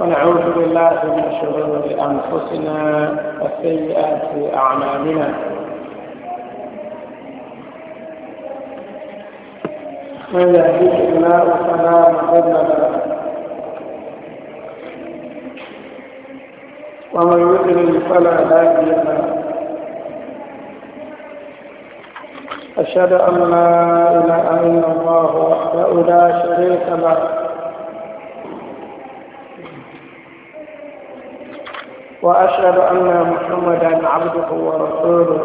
ونعوذ بالله من شرور أنفسنا وسيئات أعمالنا من يهديه الله فلا مضل له ومن يضلل فلا هادي له أشهد أن لا إله إلا الله وحده لا شريك له وأشهد أن محمدا عبده ورسوله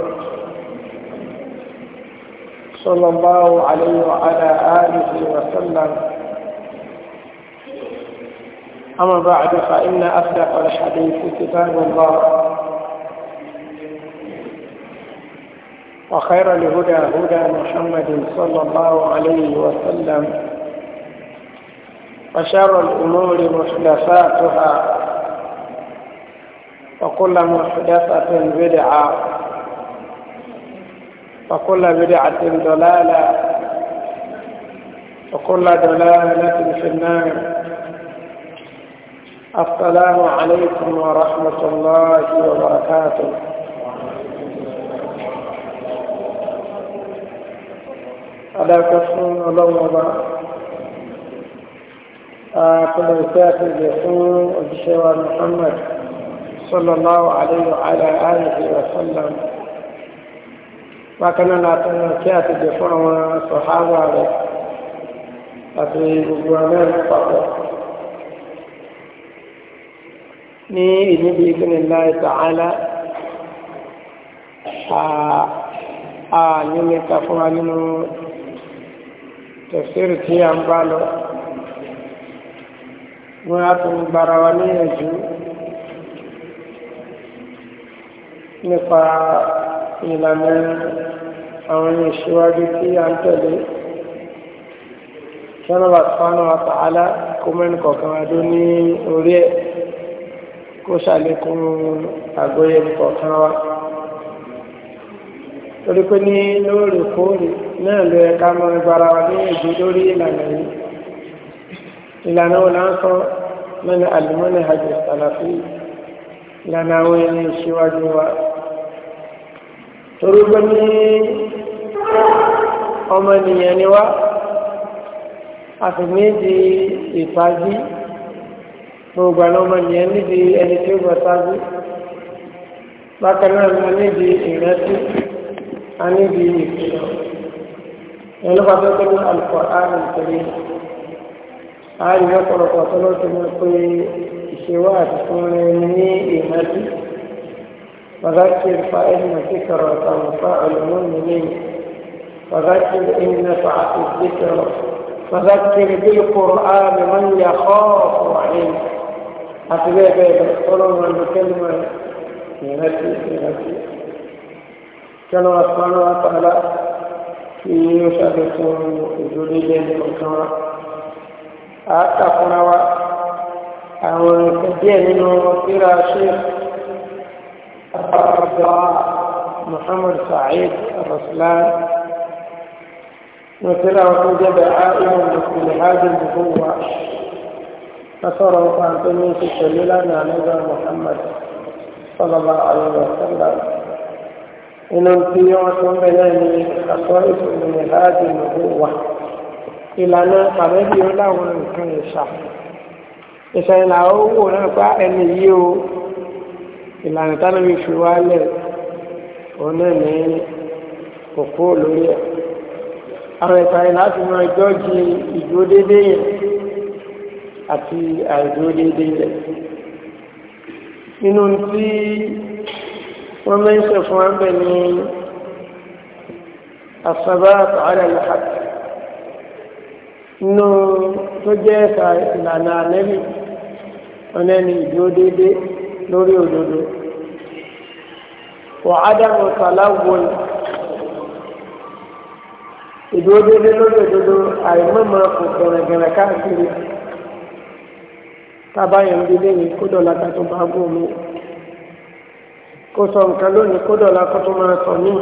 صلى الله عليه وعلى آله وسلم أما بعد فإن أصدق الحديث كتاب الله وخير الهدى هدى محمد صلى الله عليه وسلم وشر الأمور محدثاتها وكل محدثة بدعة وكل بدعة ضلالة وكل ضلالة في النار السلام عليكم ورحمة الله وبركاته ألا تكون لغضا أكون آه، إساءة الجسوم وبشوى محمد صلى الله عليه وعلى آله وسلم bákan náà láti kí àti jẹ fún àwọn sọ̀hábà rẹ̀ àti gbogbo ọ̀nà papọ̀ ní ìníbi ìpínlẹ̀ láì tààlà a nílé ka fún wa wọ́n á tún gbára wa níyànjú nípa ìlànà àwọn ẹni ìṣíwájú tí a ń tẹ̀lé sọ́nàbà sọ́nà àtàlá kó mẹ́rin kọ̀ọ̀kan adó ní orí ẹ̀ kó ṣàlékún àgbóyè kọ̀ọ̀kan wa torí pé ní lóòrèkóòrè náà ló yẹ ká mọ ìgbára wa ní ìdí lórí ìlànà yìí ìlànà wọn náà mẹ́rin àlùmọ́nì hajj sàlàfí ìlànà àwọn ẹni ìṣíwájú wa torí pé ní ọmọ ènìyàn ni wá àfìmí di ìfàájí gbogbo àwọn ọmọ ènìyàn níbi ẹni tí ó gbọ́ sáájú bákan náà ni a níbi ìrántí a níbi ìfìlọ ẹni bá fẹ́ pẹ̀lú àlùkò àrùn ìtòlẹ́ àrùn ìyọ́pọ̀lọpọ̀ tó lọ́sọ̀rọ̀ pé ìṣèwà àti fún ẹni ní ìrántí. فذكر فإن ذكر تنفع المؤمنين فذكر إن نفعت الذكر فذكر بالقرآن من يخاف عليه أتبع بيدخلون الكلمة ينسي ينسي كما سبحانه وتعالى في يشبك جليل الكرة أتقنوا أو كدين وكرا شيخ عبد الله محمد سعيد الرسلان وكلا وجد عائلا لكل هذه النبوة فصرف عن الشليل سبيلنا نبي محمد صلى الله عليه وسلم إن امتيوة بيني خصائص من هذه النبوة إلى أن قريب يلاون كان يشاء إذا لو نفع أن يو ìlànà tánàbí fi wálẹ̀ òun náà ní òkú olórí ẹ̀ àwọn ìtàrí láti mọ ẹjọ́ di ìdúródédé yẹn àti àìdúródédé yẹn nínú tí wọ́n mẹ́sẹ̀ fún abẹ ní àṣàbá àtàlẹ̀ lọ́kàtà nínú tó jẹ́ ìlànà àlẹ́bí ọ̀nà ni ìdúródédé lórí òdodo wà ádámù sàláwùn ìdúró dédé lórí òdodo àìmọ́mọ́ kò gẹ̀rẹ̀gẹ̀rẹ̀ káàkiri tábàyàn dídé ní kódọ̀lá tó bá gùn mí kò sọ nǹkan lónìí kódọ̀lá kó tó máa sọ mí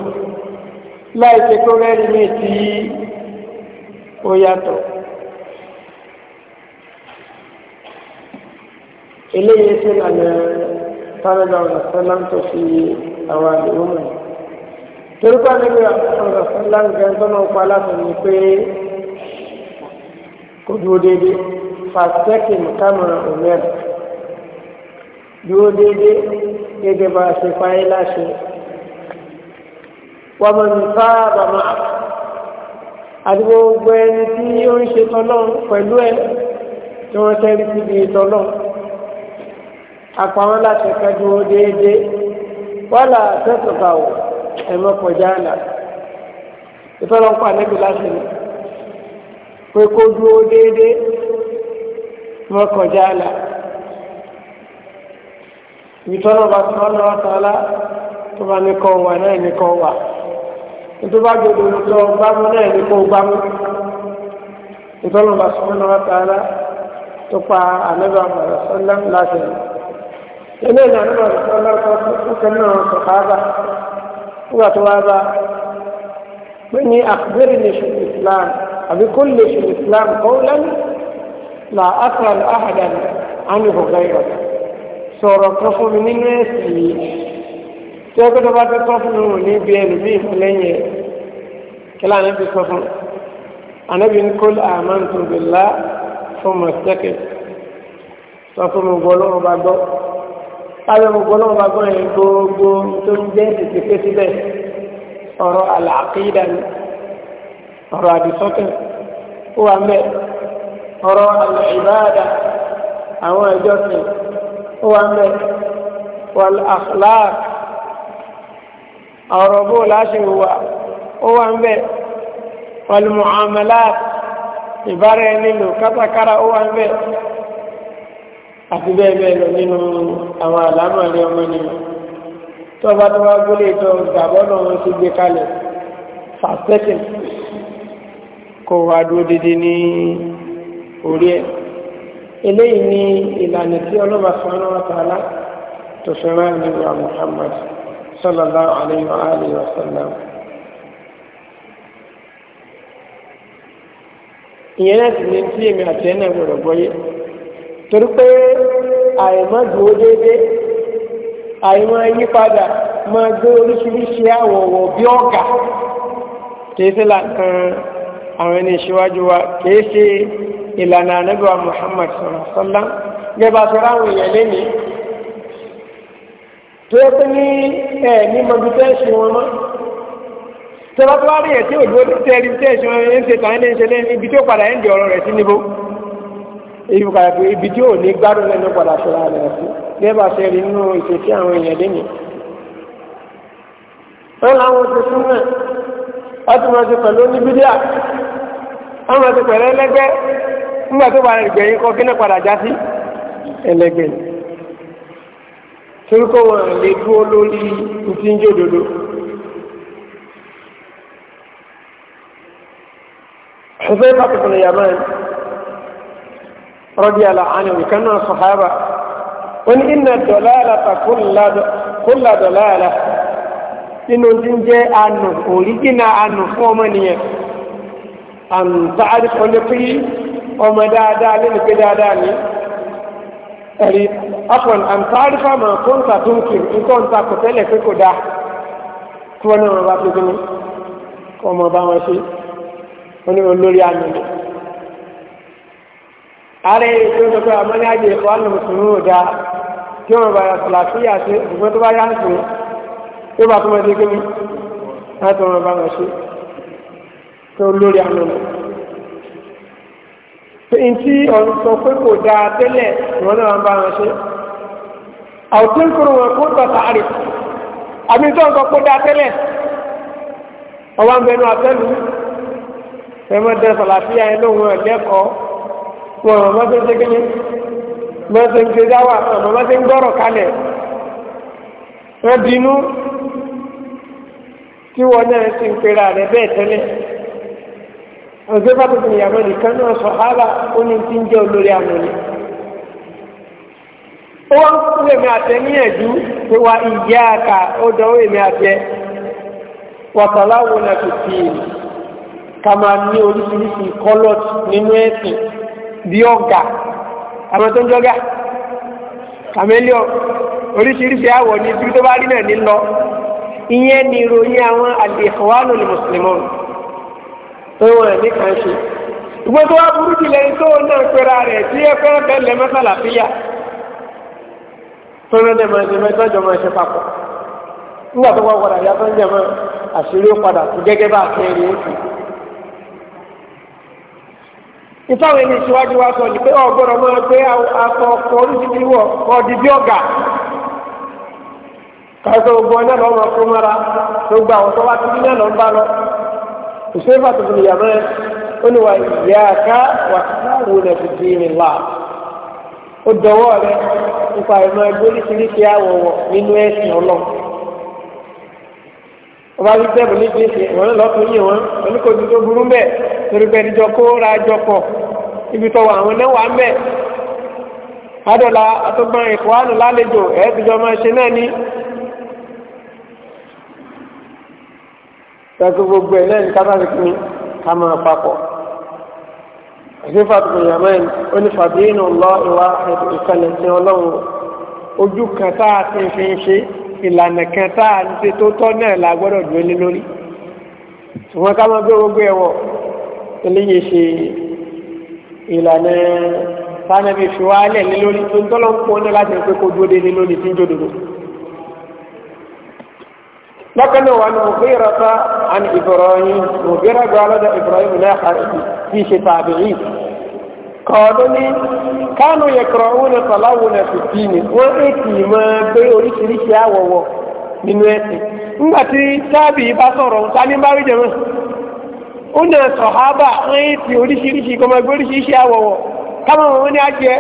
láì ṣe kó rẹ́rìí mi tí ó yàtọ̀. eléyìí tí lànà tánàdà ọ̀rọ̀sọ́lá tó fi àwọn àdéhùn mọ̀. torípa níbi ọ̀rọ̀sọ́lá nǹkan tó náà pa aláfẹ́ ni pé kò dúró déédéé fàtẹ́kì nìkàmọ̀ òmìnir dúró déédéé gẹ́gẹ́ bá a ṣe fáyé láṣẹ. wọ́n mọ̀ ní sáábà máa àdúgbò gbogbo tí ó ń ṣe tọ́lọ́ pẹ̀lú ẹ tí wọ́n tẹ́rí síbi tọ́lọ́ àpamọ́ láti kẹ́jú ó déédéé wọ́lá tẹ́tùkà ò ẹ̀mọ́ kọjá àlà ìfẹ́lọ́pàá níbi láti ní pé kó dúró déédéé mọ́ kọjá àlà ìtọ́nà bá tọ́ lọ́wọ́ tọ́lá tó bá ní kọ́ wà náà ní kọ́ wà tó bá gbogbo lọ gbámú náà ní kọ́ gbámú ìtọ́nà bá tọ́ lọ́wọ́ tọ́lá tó pa àlẹ́bàá mọ̀rọ̀ sọ́lá láti ní ilé ìlànà náà lọ́sọ̀ lọ́sọ̀ lọ́sọ̀ náà sọ̀káàbà nígbà tó wá bá pé ní àkùbẹ́rẹ́ ní ṣe islam àbí kó lè ṣe islam kó lẹ́nu là ákàl áhàdà àmì ìhòòhò ẹ̀yọ̀ sọ̀rọ̀ kan fún mi nínú ẹ̀sìn yìí tí ó gbọ́dọ̀ bá tẹ́tọ́ fún mi ní bí ẹnu bí ìfúnlẹ́yìn ẹ̀ kí lànà bí sọ fún anabi ní kó àmàntu billah fún mọ̀sẹ́kẹ̀ sọ fún mi gbọ́ lọ́wọ́ bá gbọ́ káwé gbogbo náà bá gbọ́n yẹn gbogbo tó ń jẹ́ ìdíje síbẹ̀ ọ̀rọ̀ àlàkídà ni ọ̀rọ̀ àdìsọ́kẹ̀ ó wà mẹ́ ọ̀rọ̀ àlàìbáàdà àwọn ìjọsìn ó wà mẹ́ wal akhlaq ọ̀rọ̀ bó láṣẹ wà ó wà mẹ́ wal muamalat ìbára ẹni lò kátàkárà ó wà mẹ́ àti bẹ́ẹ̀ bẹ́ẹ̀ lọ nínú àwọn àlámọ̀rí ọmọnìyàn tó bá tó wá gbólé tó gbàgbọ́ náà wọ́n ti gbé kalẹ̀ fàṣẹ́kìn kó wá dúró dédé ní orí ẹ̀ eléyìí ni ìlànà tí ọlọ́ba sọ́nà wàtàlá tó fẹ́ràn nígbà Muhammad sallallahu alayhi wa alihi wa sallam ìyẹn láti ní tí èmi àti ẹ̀ gbọ́dọ̀ gbọ́yé torí pé àìmọ́ dúró déédéé àìmọ́ yípadà máa gbé oríṣiríṣi àwọ̀wọ̀ bí ọ̀gà kìí sí làǹkan àwọn ẹni ìṣíwájú wa kìí ìlànà ànábíwá Muhammad sallallahu alaihi wasallam gẹ́gbà tó ráwọn èèyàn lẹ́ni tó yẹ pé ní ẹ̀ ní mọ̀bí tẹ́ẹ̀ṣì wọn mọ́ tẹ́lá tó wá rí ẹ̀ tí òdúró tẹ́ẹ̀rí tẹ́ẹ̀ṣì wọn ibi kan pé ibi tí ò ní gbádùn lẹ́nu padà sọ̀rọ̀ rẹ̀ sí lẹ́bàá ṣe rí nínú ìṣesí àwọn èèyàn lé mi. wọ́n láwọn ti sún náà wọ́n ti máa ti pẹ̀lú oníbídíà wọ́n máa ti pẹ̀lú ẹlẹ́gbẹ́ nígbà tó bára ìgbẹ̀yìn kọ́ kí náà padà já sí ẹlẹ́gbẹ́ torí kó radiyallahu anhu ìkànnà sọ̀hábà wọ́n ní inna dalalata kulla dalala nínú tí ń jẹ́ ànù òríjìnà ànù fún ọmọnìyàn ànù tá a kọ́ lé pé ọmọ dáadáa lẹ́nu pé dáadáa ni ẹ̀rí afọ̀n ànù tá a rí fáwọn kóńtà tó ń kiri nǹkan ta kò tẹ́lẹ̀ pé kò dáa tí wọ́n náà wọ́n bá tó gbé ní kọ́ ọmọ bá ni ààrẹ tó tọ́tọ́ àmọ́nyájì ẹ̀kọ́ alùmùsùnmù ọ̀dá tí wọ́n bára fìlàfíà sí ìgbọ́n tó bá yá ń sùn tó bá túnmọ̀ sí kíní láti wọn bá wọn ṣe tó lórí àná lọ. ntí ọ̀run sọ pé kò dáa tẹ́lẹ̀ wọn náà bá wọn ṣe. àwùjọ kúrò wọn kó tọ̀tà àrè àbí tó ń sọ pé dáa tẹ́lẹ̀ ọba bẹnu àtẹ́lu ẹ mọ́ dẹ́ fìlàfíà lóhun ẹ̀ lẹ́kọ̀ọ́ wọn àwọn ọmọ tó ń ṣe kíni wọn ṣe ń ṣe dáwà àwọn ọmọ tó ń gbọ́rọ̀ kalẹ̀ wọn bínú tí wọn náà ti ń pera rẹ bẹ́ẹ̀ tẹ́lẹ̀ ọ̀gbẹ́fà tó tún ìyàwó nìkan náà sọ hálà ó ní ti ń jẹ́ olórí àwọn ni ó wá ń kú èmi àtẹ níyànjú pé wa ìyá àkà ó dánwó èmi àtẹ wàtàláwo náà kò tì í ní oríṣiríṣi kọ́lọ́t nínú ẹ̀sìn di ọ̀gà àwọn tó ń jọ́gà chameleon oríṣiríṣi àwọ̀ ní ibi tó bá rí náà ní lọ ìyẹn ni ìròyìn àwọn al-ikhwanul muslimun tó wọn ní kan ṣe ìgbọ́n tó wá burú jùlọ ní tó náà pera rẹ̀ tí ẹ fẹ́ bẹ́lẹ̀ mẹ́sàlá fíyà tó náà dẹ̀ máa ṣe mẹ́tọ́ jọ máa ṣe papọ̀ nígbà tó wá wọ̀dà yàtọ̀ ń jẹ mọ́ àṣírí ó padà tó gẹ́gẹ́ bá a fẹ́ ó sì. ìfáwọn ẹni ìṣíwájú wa sọ ní pé ọgbọ́dọ̀ máa pé aṣọ ọkọ̀ oríṣiríṣi wọ̀ kọ́ di bí ọ̀gà káàkiri gbogbo ọ̀nà lọ́wọ́ máa kó mọ́ra tó gba àwọn tó ti dín náà bá lọ. ó ní wa ìyá wà láwùú rẹ̀ fi di ó dọwọ́ rẹ nípa ìmọ̀ ẹgbẹ́ oríṣiríṣi àwọ̀wọ̀ nínú ẹ̀sìn ọlọ́ ọba ní torí pé ẹnìjọ kó ra jọ pọ̀ ibi tọwọ́ àwọn náà wà mẹ́ adọ́la àtọ́gbọ́n ìkọ́wánù lálejò ẹ̀ẹ́dìjọ máa ṣe náà ní tẹ́kọ̀ gbogbo ẹ̀ lẹ́yìn kátàkì kí ká máa papọ̀ ìsífàtò ìyàmẹ́ni ó ní fàbíyìnà lọ ìwà ìkànnì tí ọlọ́run ojú kan tá a ti fi ń ṣe ìlànà kan tá a ti tó tọ́ náà la gbọ́dọ̀ dúró lé lórí ṣùgbọ́n ká máa gbé gbogbo ẹ̀wọ̀ eléyìí ṣe ìlànà sanabi fi wá lẹ̀ ní lórí tó ń tọ́lọ́ ń pọ́n ní láti pé kó dúró déédéé lórí tí ń jó dodo. bákan náà wà ní Mughira ta àni Ibrahim Mughira gba lọ́dọ̀ Ibrahim náà àrùn tí ṣe tàbí yìí. kọ́ọ̀dún ní kánú ó nà sọ̀hábà wọ́n yé ti oríṣiríṣi kọ́mọ ẹgbẹ́ oríṣiríṣi àwọ̀wọ̀ káwọn kama ní àjẹ́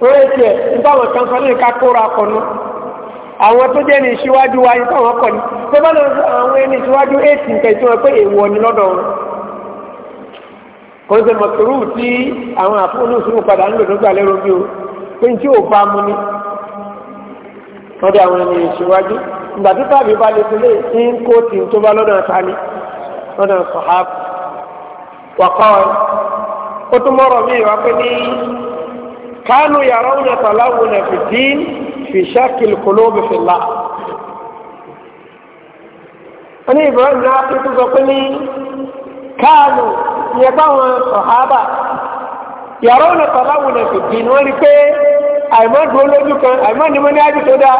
wọ́n oye tiẹ̀ nípa àwọn kan sọ́nà ìka kóra wa nípa àwọn kọ̀ ní tó bá lọ sọ àwọn ẹni ìṣíwájú èsì nǹkan ìṣúná pé èèwọ̀ ni lọ́dọ̀ wọn kò ń ṣe mọ̀tòrú tí àwọn ìgbà tó tàbí bá lè fúnlé ń kó tì tó bá lọ́dọ̀ sani lọ́dọ̀ sọ̀hábù wàkọ́ ó tún mọ́rọ̀ mi wá pé ní kánú yàrá òun ẹ̀tọ́ láwùn náà fi dín fi ṣákìlì kòlóòbù fi là. wọ́n ní Ibrahim náà fi tún sọ pé ní kánú yẹ báwọn sọ̀hábà yàrá òun ẹ̀tọ́ láwùn náà fi dín wọ́n rí pé àìmọ́ dúró lójú kan àìmọ́ ni mo ní àjù dáa.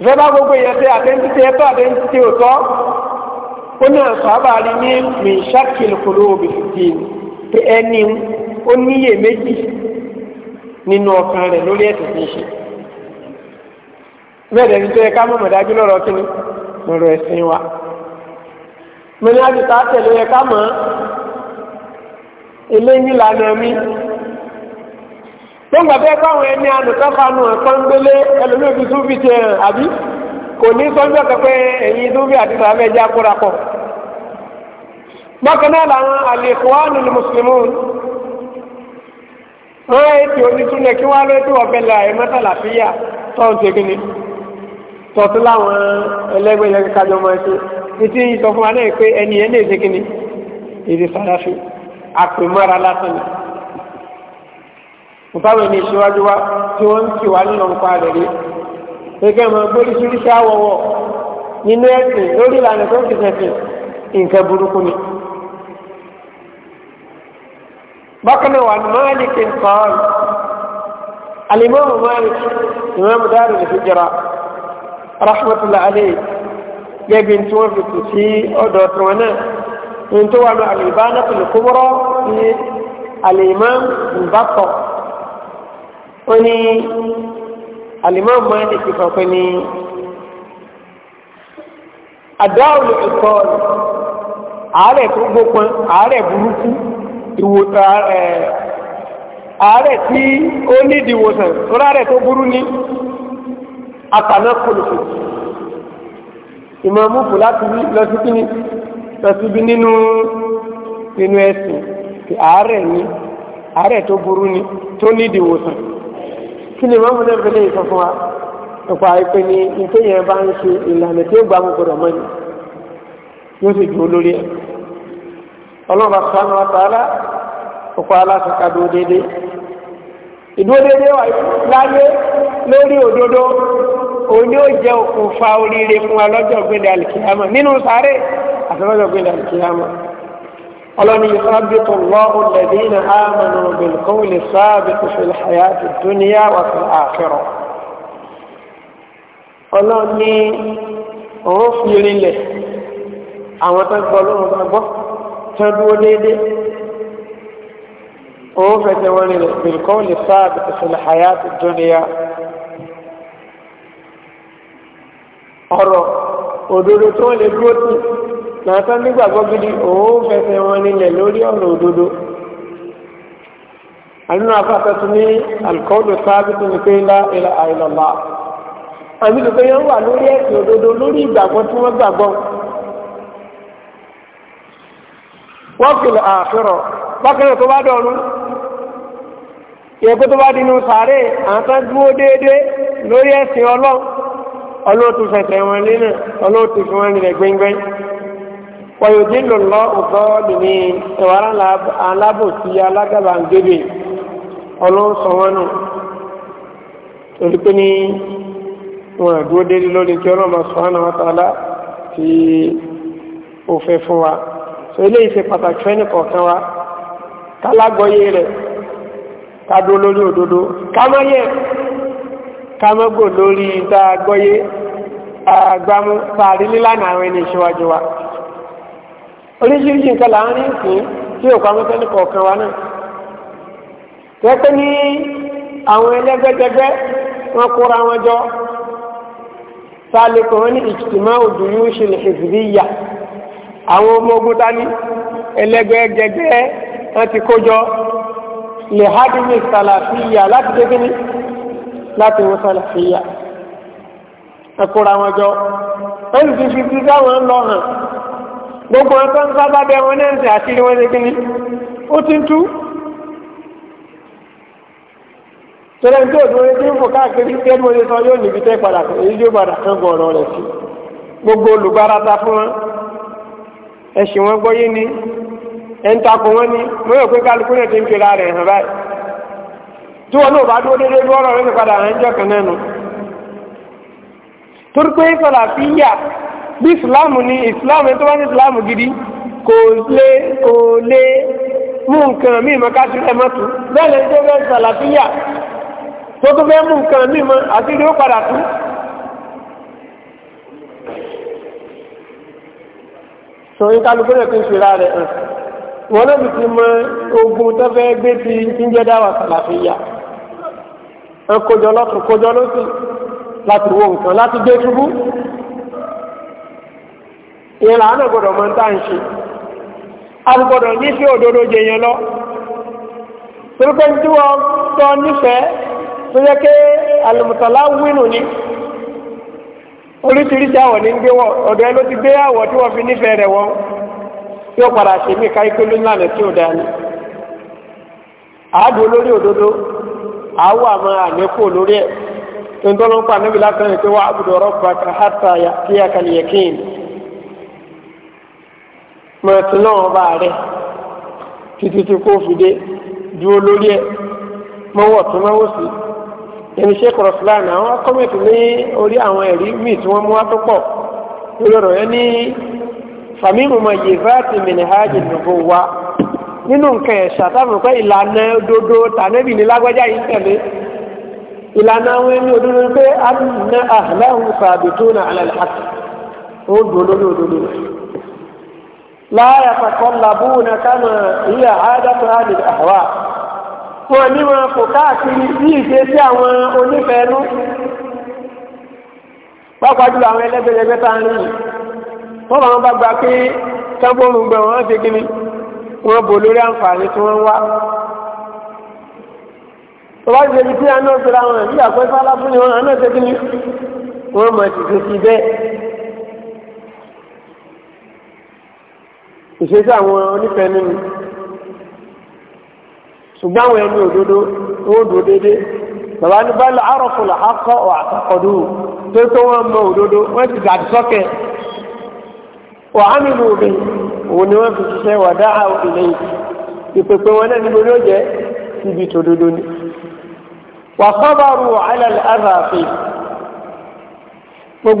ìjọba gbogbo yẹn pé àtẹ́ntítẹ́ ẹ̀tọ́ àtẹ́ntítẹ́ òtọ́ ó ní àǹfààbà rí ní mìíṣàkìlì kòló òbí fìdí pé ẹni ó níyè méjì nínú ọkàn rẹ̀ lórí ẹ̀sìn tí ń ṣe bẹ́ẹ̀ dẹ̀ ní tó yẹ ká mọ̀mọ̀ dájú lọ́rọ̀ kíni lọ́rọ̀ ẹ̀sìn wa mo ní àdìsá tẹ̀lé yẹ ká mọ̀ eléyìí lànà mi gbọ́ngbà bẹ́ẹ̀ báwọn ẹni àdùkáfanu ẹ̀kọ́ńgbélé ẹlòmíì fi súnfì tiẹ̀ hàn àbí kò ní sọ́jọ́ kẹfẹ́ ẹ̀yìn súnfì àti sàmẹ́ ẹja kóra pọ̀. bákan náà làwọn àlèkùnwánu ni mùsùlùmí wọ́n yẹ ti onítúnlẹ̀ kí wọ́n lóye tó ọbẹ̀ la ẹ̀ mọ́tàlá fíyà tọ́hún tẹ́gínní tọ́tú láwọn ẹlẹ́gbẹ́ yẹn kájọ mọ́ ẹ̀ṣẹ́ títí ìsọfún wa náà pé ẹni yẹn lè tẹ́gínní ìdí sàdáfì àpèmọ́ra lásán ni nǹkan mi ìṣíwájú wa tí wọ́n ń tì wá nínú nǹkan rẹ̀ rí gẹ́gẹ́ mọ gbóríṣiríṣi àwọ̀wọ̀ nínú ẹ̀sìn lórí ìlànà tó ti fẹ̀sìn nǹkan burúkú ni. bákan náà wà ní máàlìkì nǹkan alimọ́mù máàlìkì ìmọ̀mù dáàrú lè fi jẹra rahmatulah alayhi gẹ́gẹ́ tí wọ́n fi tù sí ọ̀dọ̀ tiwọn náà ní tó wà alìbánà tó lè kúbọ́rọ́ ní alìmọ́ nbàtọ̀. ó ní alimami Malik ti pé ní àdáwòlù ẹ̀kọ́ ààrẹ tó gbópọn àárẹ̀ burúkú ààrẹ tí ó nídìí ìwòsàn tó rárẹ̀ tó burú ní láti lọ sí lọ síbi nínú nínú kí ni mọ́mú náà fi lè sọ fún wa nípa ìpè ní ìtẹ̀yẹ̀ bá ń ṣe ìlànà tí ó gbà mú gbọdọ̀ mọ́ni yóò sì dúró lórí ẹ̀ ọlọ́run bá sọ́nà wa tààlà ọkọ̀ aláṣẹká dúró déédéé ìdúró déédéé wà láyé lórí òdodo òní ó jẹ́ òkùnfà oríire fún wa lọ́jọ́ gbẹ̀dẹ̀ àlìkìyàmọ̀ nínú sáré àti lọ́jọ́ gbẹ̀dẹ̀ àlìkìyàmọ̀ ọlọ́ni ìfábítọ̀ lọ́wọ́ lẹ́dínà ámànà bìlkọ́wìlì sáàbìtì fìlhàyà ti dúníyà wà fún àfẹ́rọ̀ ọlọ́ni òun fi rinlẹ̀ àwọn tó gbọ́ lóhùn bá gbọ́ tó dúró déédéé òun fẹsẹ̀ wọn rinlẹ̀ bìlkọ́wìlì sáàbìtì fìlhàyà ti dúníyà ọ̀rọ̀ òdodo tó lè dúró tì màá tán nígbàgbọ́ gidi òun fẹsẹ̀ wọn nílẹ̀ lórí ọ̀rọ̀ òdodo àdínú afáfẹ́ tún ní alikọ́ọ̀dù sáábì tó ní pé ńlá ìlà àìlọ́lá àmì tó pé yẹn wà lórí ẹ̀sìn òdodo lórí ìgbàgbọ́ tí wọ́n gbàgbọ́ wọ́n kìlọ̀ àṣírọ̀ bákẹ́rẹ́ tó bá dọ̀rùn ìyẹ́kó tó bá dínú sàárè àtàn dúró déédéé lórí ẹ̀sìn ọlọ́ ọlọ́ọ̀tún fẹsẹ̀ wọn lé ọlọ́ọ̀tún fi wọn nílẹ̀ gbẹ́ngbẹ́ng wọ̀nyọ̀dí lọ́lọ́ ọ̀tọ́ lèmi ìwárà alábòsí alágàbàǹgébè ọlọ́sọ̀wọ́nù torí pé ní wọn àdúró délé lórí kí ọlọ́mà subhanahu wa ta'ala ti òfẹ́ fún wa so eléyìí ṣe pàtàkì fẹ́ni kọ̀ọ̀kan wa kálágọ́yé rẹ̀ kádó lórí òdodo kámọ́yẹ̀ kámọ́gò lórí tá a gbọ́yé àgbámú tààrí nílànà àwọn ẹni ìṣíwájú wa oríṣiríṣi nǹkan là ń rí ìsìn tí òkú amúsẹ́ni kọ̀ọ̀kan wa náà tẹ́tẹ́ ní àwọn ẹlẹ́gbẹ́jẹgbẹ́ wọn kóra wọn jọ sáàlẹ̀ kò wọ́n ní ìtìmọ́ òdù yóò ṣe lè ṣèṣìbí yà àwọn ọmọ ogun tání ẹlẹ́gbẹ́jẹgbẹ́ wọn ti kójọ lè hádìmí sàlàfíyà láti dé kíní láti wọ́n sàlàfíyà ẹ kóra wọn jọ wọ́n sì fi fi sáwọn lọ hàn gbogbo wọn tó ń sábà bẹ wọn náà ń sè àṣírí wọn ṣe kí ni ó ti ń tú tẹ́lẹ̀ tí òdùn orin tí ń fò káàkiri tí ẹni orin san yóò níbi tẹ́ padà èyí yóò padà kán bọ̀ ọ̀rọ̀ rẹ̀ sí gbogbo olùgbárata fún wọn ẹ̀sìn wọn gbọ́yé ni ẹ̀ ń takò wọn ni mo yóò pé kálukú náà ti ń kiri ara hàn báyìí tí wọn náà bá dúró déédéé bí ọ̀rọ̀ rẹ̀ ti padà hàn jẹ́ kan náà nù torí pé sọ̀làfíyà bí islam ni islam ẹni tó bá ní islam gidi kò lè kò lè mú nǹkan mí mọ ká sílẹ̀ mọ́tò bẹ́ẹ̀ lẹ́yìn tó fẹ́ sàlàfíà tó tó fẹ́ mú nǹkan mí mọ àti ìdíwó padà tú. sọ yín kálukú rẹ̀ kí n ṣèrà rẹ̀ hàn wọn náà ti mọ ogun tó fẹ́ gbé ti ń jẹ́ dáwà sàlàfíà ẹ kójọ lọ́tún kójọ lọ́sìn láti wo nǹkan láti gbé túbú. ìyẹn làánà gbọ́dọ̀ mọ́ tá ń ṣe agbọ́dọ̀ ní sí òdodo jẹ yẹn lọ torípé tí wọ́n tọ́ nífẹ̀ẹ́ tó yẹ ké wínú oríṣiríṣi àwọ̀ ní gbé ọ̀dọ̀ ẹ ló ti gbé àwọ̀ tí wọ́n fi rẹ̀ wọ́n tí ó padà ṣe mí ká ikú lónìí tí ó dání àádùn olórí àmọ́ lórí mọ̀tí náà bá rẹ̀ títí tí kò fi dé dúró lórí ẹ̀ mọ́wọ́ tó sí ẹni ṣe kọ̀rọ̀ fúlàní àwọn akọ́mẹ̀tì ní orí àwọn ẹ̀rí míì tí wọ́n mú wá tó pọ̀ lórí ọ̀rọ̀ ní mọ̀ yìí fáàtì nìbò wa nínú nǹkan ẹ̀ṣà táwọn pẹ́ ìlànà òdodo tànẹ́bì ní lágbájá yìí tẹ̀lé ìlànà àwọn ẹni òdodo pé àhàlẹ́ àti dùn òdodo لا يتطلبون كما هي عادة أهل الأهواء wọ́n ní wọn kò káàkiri bí ìṣe sí àwọn onífẹ̀ẹ́nú pápá jùlọ àwọn ẹlẹ́gbẹ̀lẹ́gbẹ́ tá ń rìn wọ́n bá wọn bá gba pé sábòrùn gbẹ̀ wọ́n ṣe kíni wọ́n bò lórí àǹfààní tí wọ́n ń wá. ọba ti ṣe bí àná òṣèlú àwọn ìdíyàgbẹ́ sálábù ni wọ́n àná ṣe kíni wọ́n mọ̀ ṣìṣe sí bẹ́ẹ̀. ìṣesí àwọn onífẹ̀ẹ́ nínú ṣùgbọ́n àwọn ẹni òdodo tó dò déédéé bàbá ní báyìí àròkùn là á kọ́ ọ̀ àtàkọ̀dù tó tó wọn mọ òdodo wọ́n ti gàdí sọ́kẹ̀ wà á òbí òun ni wọ́n fi ṣiṣẹ́ wà dá àwọn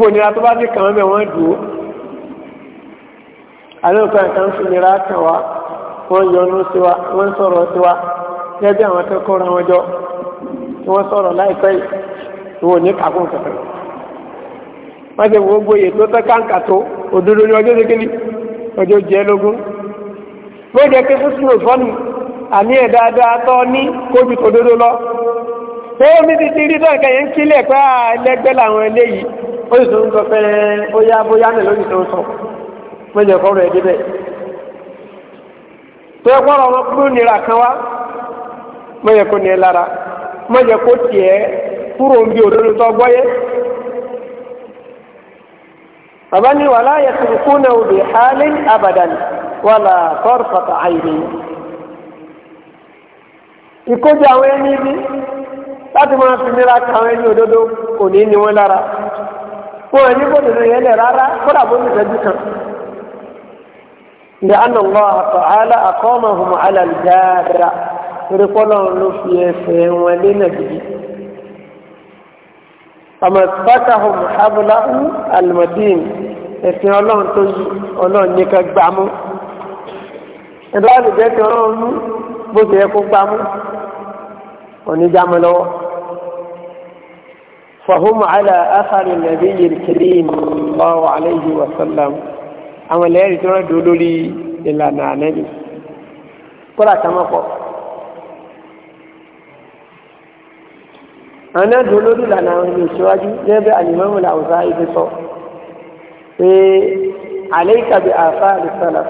ilé wọn náà a nǹkan ń fìnira kàn wá wọ́n yọnu sí wa wọ́n ń sọ̀rọ̀ sí gẹ́gẹ́ àwọn tó kóra wọn jọ tí wọ́n sọ̀rọ̀ láìpẹ́ yìí wọn ní kàkún kẹfẹ́ wọ́n ti gbogbo gbóyè tó tẹ́ tó òdodo ní ọjọ́ ọjọ́ jẹ́ fọ́nù tọ́ ní kójú lọ pé omi ti ti rí tó yẹn kílẹ̀ pé làwọn eléyìí ó sì mẹ́jẹ̀ kọ́rọ̀ ẹ̀dí bẹ́ẹ̀ tó yẹ kọ́rọ̀ wọn kúrò nira kan wá mẹ́jẹ̀ kó ní ẹ lára mẹ́jẹ̀ kó tiẹ̀ kúrò ń bí òdodo tó gbọ́yé bàbá ni wàlá yẹ kúrúkú náà òbí hálẹ́ abadan wàlá kọ́rọ̀ pàtà àyè ìkójọ àwọn ẹni bí láti máa fi nira ka àwọn ẹni òdodo kò ní ní wọn lára wọn ẹni bó dodo yẹn lẹ rárá kódà bó ní ìṣẹ́jú kan. لأن الله تعالى أقامهم على الجادة رقلهم في فهم ولنبي أمسكهم حبله المتين ẹ̀sìn ọlọ́run tó yí ọlọ́run ní kan gbámú ẹ̀dọ́ àlùjẹ́ tí ọlọ́run mú bó ti yẹ kó gbámú oníjàmú lọ́wọ́ fọ̀húnmọ̀ àlà áfàrí nàbí yìí kìrìm lọ́wọ́ àlẹ́yìí wàsálàmù àwọn ẹlẹ́rìí tí wọ́n dúró lórí ìlànà ànẹ́bí kódà ká mọ́ pọ̀ àwọn náà dúró lórí ìlànà àwọn ènìyàn síwájú gẹ́gẹ́ àlìmọ́mù làwùsá ibi sọ pé àlẹ́yìká bí àfa àlùsọ̀lá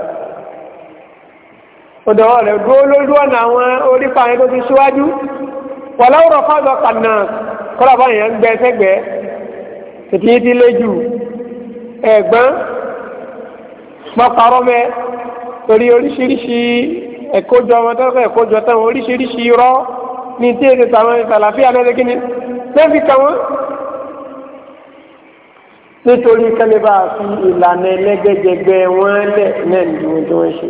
ọ̀dọ̀ rẹ̀ dúró lórí ọ̀nà àwọn orípa àwọn ẹgbẹ́ síwájú wọ̀láwùrọ̀ fáwọn kànáà kọ́lá ti lé jù ẹ̀gbọ́n má parọ́ mẹ́ torí oríṣiríṣi ẹ̀kọ́jọ ọmọ tẹ́lẹ̀ ẹ̀kọ́jọ tẹ́lẹ̀ oríṣiríṣi irọ́ ní tí èdè tàwọn ìsàlàfíà lẹ́sẹ̀ kí ni lẹ́bi kàn wọ́n. nítorí kẹ́lẹ́bà fi ìlànà ẹlẹ́gbẹ́jẹgbẹ́ wọn lẹ̀ náà ní ìwọ̀n tí wọ́n ṣe.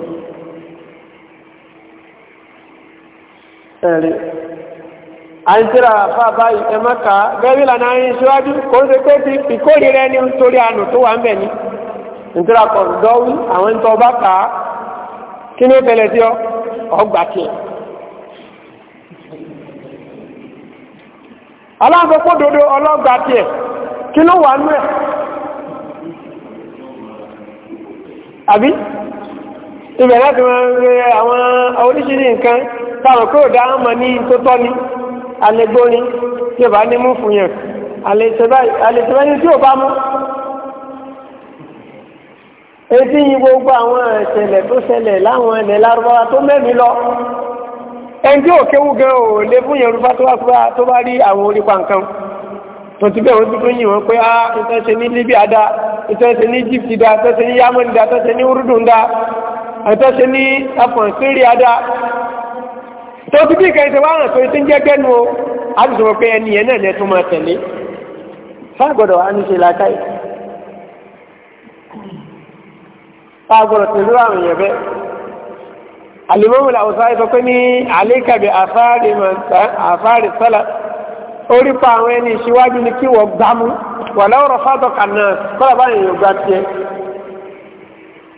ẹ̀rí àìsíra àfa báyìí ẹ̀ mọ́ka gẹ́gẹ́ kò ń ṣe pé ti ìkórìíra ẹni nítorí àánú tó wà ń bẹ̀ ni. nítorí àkọ̀dọ́wí àwọn ìtọ́ bá ọba taa kí ní ìfẹ́lẹ̀ tí ọgbà kí aláàfẹ́kọ́ dodo ọlọ́gbà kí ẹ kí ló wà ní ẹ àbí ibẹ̀ láti wọ́n rẹ àwọn oríṣiríṣi nǹkan ni bá ní mú fún yẹn tí etí yìí gbogbo àwọn ìṣẹ̀lẹ̀ tó ṣẹlẹ̀ láwọn ilẹ̀ lárúbáwá tó mẹ́mi lọ ẹni tí ò kéwú gan ò lè fún yorùbá tó bá tó bá rí àwọn orípa nǹkan tó ti bẹ̀rẹ̀ ojú tó yìn wọ́n pé ah ìtọ́ṣe ní Libya dá ìtọ́ṣe ní Egypt dá ìtọ́ṣe ní Yemen dá ìtọ́ṣe ní urudun dá ìtọ́ṣe ní afọ̀n Syria dá tó ti bí ìkẹyìn tó wá hàn pé tí ń jẹ́ gẹ́nu o a ti sọ pé ẹni yẹn náà lẹ́tún máa tẹ̀lé fáàgọ́dọ̀ á ní ṣe làákàyè tá a gbọ́dọ̀ tẹ̀lé àwọn èèyàn bẹ́ẹ̀. alimọ́mù làwùsá sọ pé ní àlékàbí àfáàrí sọ́là orí pa àwọn ẹni ìṣíwájú ni kí wọ́n gbámú wà lọ́rọ̀ fàtọ̀ kànáà kọ́lá bá èèyàn gbá tiẹ̀.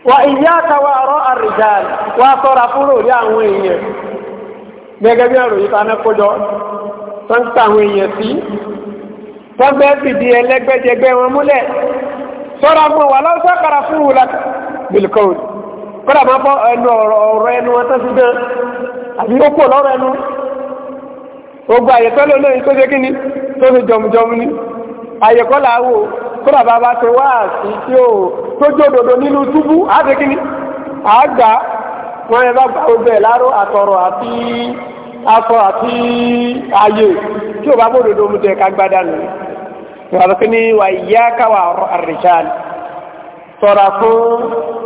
wà ìyáàkà wà ọ̀rọ̀ àrìjà wà sọ́ra fúnrò rí àwọn èèyàn gẹ́gẹ́ bí fún wà lọ́sọ̀kàrà fún wùlá bilkowul kọ́dà máa fọ́ ẹnu ọ̀rọ̀ ẹnu wọn tó ti dán àbí ó pò lọ́rọ̀ ẹnu ogun àyẹ̀kọ́ ló lóyìn tó ṣe kí ni tó fi jọmujọmu ni àyẹ̀kọ́ là á wò kọ́dà bá bá ti wá sí tí ó tó jódodo nínú túbú á ṣe kí ni àgbà wọn yẹn bá gba ọbẹ̀ láró àtọ̀rọ̀ àti afọ àti ayé tí ó bá bó dodo mu tẹ̀ ká gbádà nù sọ̀rọ̀ fún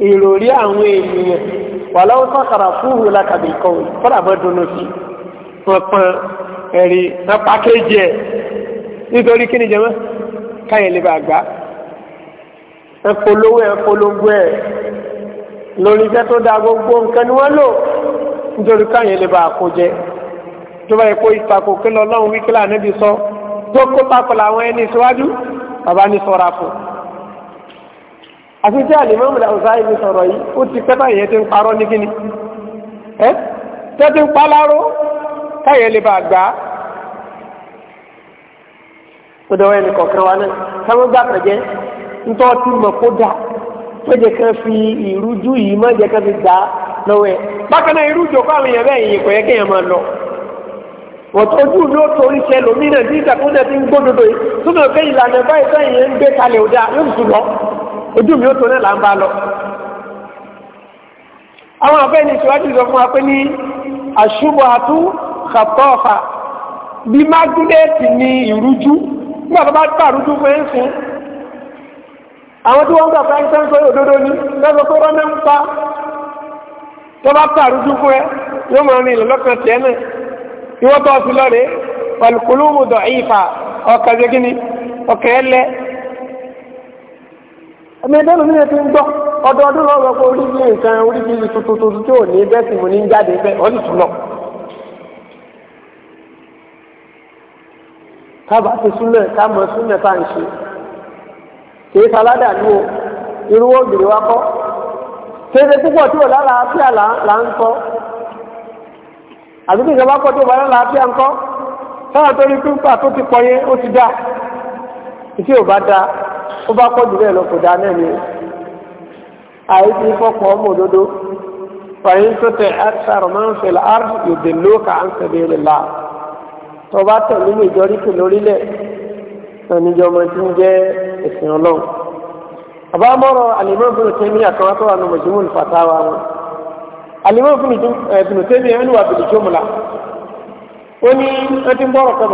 ìròrí àwọn ènìyàn wà sọ́kàrà fúhù lákàbí kọ́wé fọ́nà mọ́ dunu ẹ̀rí wọn pàkéjì ẹ̀ nítorí kí ni jẹ́mọ́ káyẹ̀ lè bá gbá ẹ̀ polówó ẹ̀ polongo ẹ̀ lórí iṣẹ́ tó dáa gbogbo nǹkan ni wọ́n lò nítorí káyẹ̀ lè bá kó jẹ tó bá yẹ kó ìtàkù kí lọ́lọ́run wíkílà níbi sọ tó kó takọ̀ làwọn ẹni síwájú bàbá ní àti tí àlèmọ́mù làwùsá ibi sọ̀rọ̀ yìí ó ti pẹ́ báyìí tí ń parọ́ ní kíni ẹ́ tẹ́ ti ń pa láró káyẹ̀ lè bá gbà á ó dọ̀wọ́ ẹni kọ̀ọ̀kan wa náà káwọn gbà pẹ̀jẹ́ ń tọ́ ti mọ̀ kó dà mẹ́jẹ̀ kan fi ìrújú yìí mẹ́jẹ̀ kan fi gbà á lọ́wọ́ ẹ̀ bákan náà ìrújò kọ́ àwọn èèyàn ojú mi ó tó náà là ń bá lọ àwọn àbẹ́ni ìṣíwájú sọ fún wa pé ní àṣùbọ̀ àtú kàtọ́ọ̀fà bí mágúnẹ́ẹ̀tì ni ìrújú nígbà tó bá gbà rújú fún ẹ̀ ń sìn àwọn tí wọ́n gbà fún ẹ̀ńtẹ́ ń sọ òdodo ni lọ́sọ pé rọ́nà ń pa tó bá gbà rújú fún ẹ yóò mọ̀ ní ìlú lọ́kàn náà ìwọ́n tó ọ̀sìn lọ́rẹ̀ẹ́ pẹ̀lú kùlùmù dọ̀ ìfà ọkàn ẹ̀mí ẹgbẹ́ mi ti ń gbọ́ ọdọọdún lọ́wọ́ pé oríṣiríṣi nǹkan tuntun tuntun tí ò ní bẹ́ẹ̀ sì mú ní jáde bẹ́ẹ̀ ọ́ sì tún lọ. ti ká mọ súnlẹ̀ tá ń ṣe kìí ní o irú ògiri wa kọ́ kéde púpọ̀ tí ò lálàáfíà là ń kọ́ àbí kìí kọ́ tí ò bá ó bá pọ̀ jù bẹ́ẹ̀ lọ kò dáa náà ni àìsí fọ́pọ̀ ọmọ òdodo fàyín tó tẹ àtàrọ̀ máa ń fẹ̀lẹ̀ àrùn yòdè lóòkà à ń sẹ̀bẹ̀ rẹ̀ là tó bá tẹ̀ nínú ìjọríkì lórílẹ̀ ẹnìjọ ọmọ tí ń jẹ́ ẹ̀sìn ọlọ́run àbámọ́rọ̀ àlìmọ́ fún ìtẹ́mí àkàwọn tó wà nù mọ̀júmọ́ ìfàtàwà wọn àlìmọ́ fún ìtẹ́mí ẹni wà bìlì jómùlà ó ní ẹni bọ́rọ̀ kọ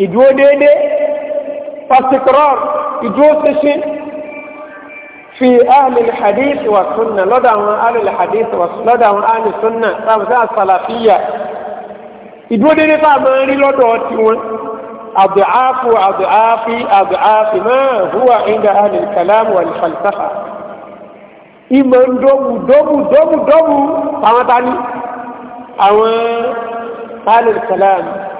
ìdúró déédé pàṣípọ̀rọ̀ ìdúró ṣinṣin fi ahlil hadith wa sunna lọ́dọ̀ àwọn ahlil hadith wa lọ́dọ̀ àwọn ahlil sunna sáàmùsá àsàlàfíyà ìdúró déédé tá a máa rí lọ́dọ̀ tiwọn àdùáfù àdùáfì àdùáfì máa hùwà inda ahlil kalam wal falsafa ìmọ̀ ń dọ́bù dọ́bù dọ́bù dọ́bù àwọn tani àwọn ahlil kalam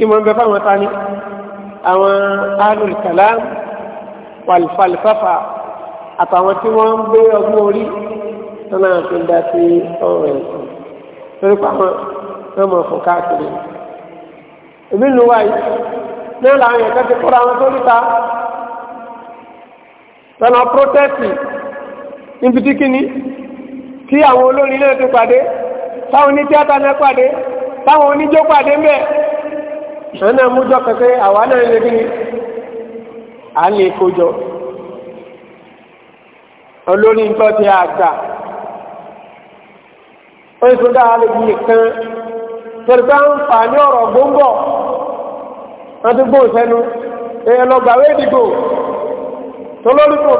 tí mo ń bẹ fáwọn tani àwọn alul kalam wal falsafa àtàwọn tí wọ́n ń gbé ọgbọ́n orí nínú àti ń dá sí ọ̀rọ̀ ẹ̀sìn torí pàmò wọ́n mọ̀ fún káàkiri èmi ń lo wáyé náà làwọn yẹn kẹ́kẹ́ kóra wọn sórí ta lọ́nà protẹ́tì níbi tí kíní tí àwọn olórin náà ti pàdé táwọn onítíátà náà pàdé táwọn oníjó pàdé mẹ́ẹ̀. wọn náà mújọ pẹpẹ náà lè bí lè kójọ olórí nǹkan ti àgbà ó kan sọdá ń fà ní ọ̀rọ̀ gbóngbọ̀ wọn ti gbóhùn sẹ́nu èèyàn lọ gbàwé ìdìbò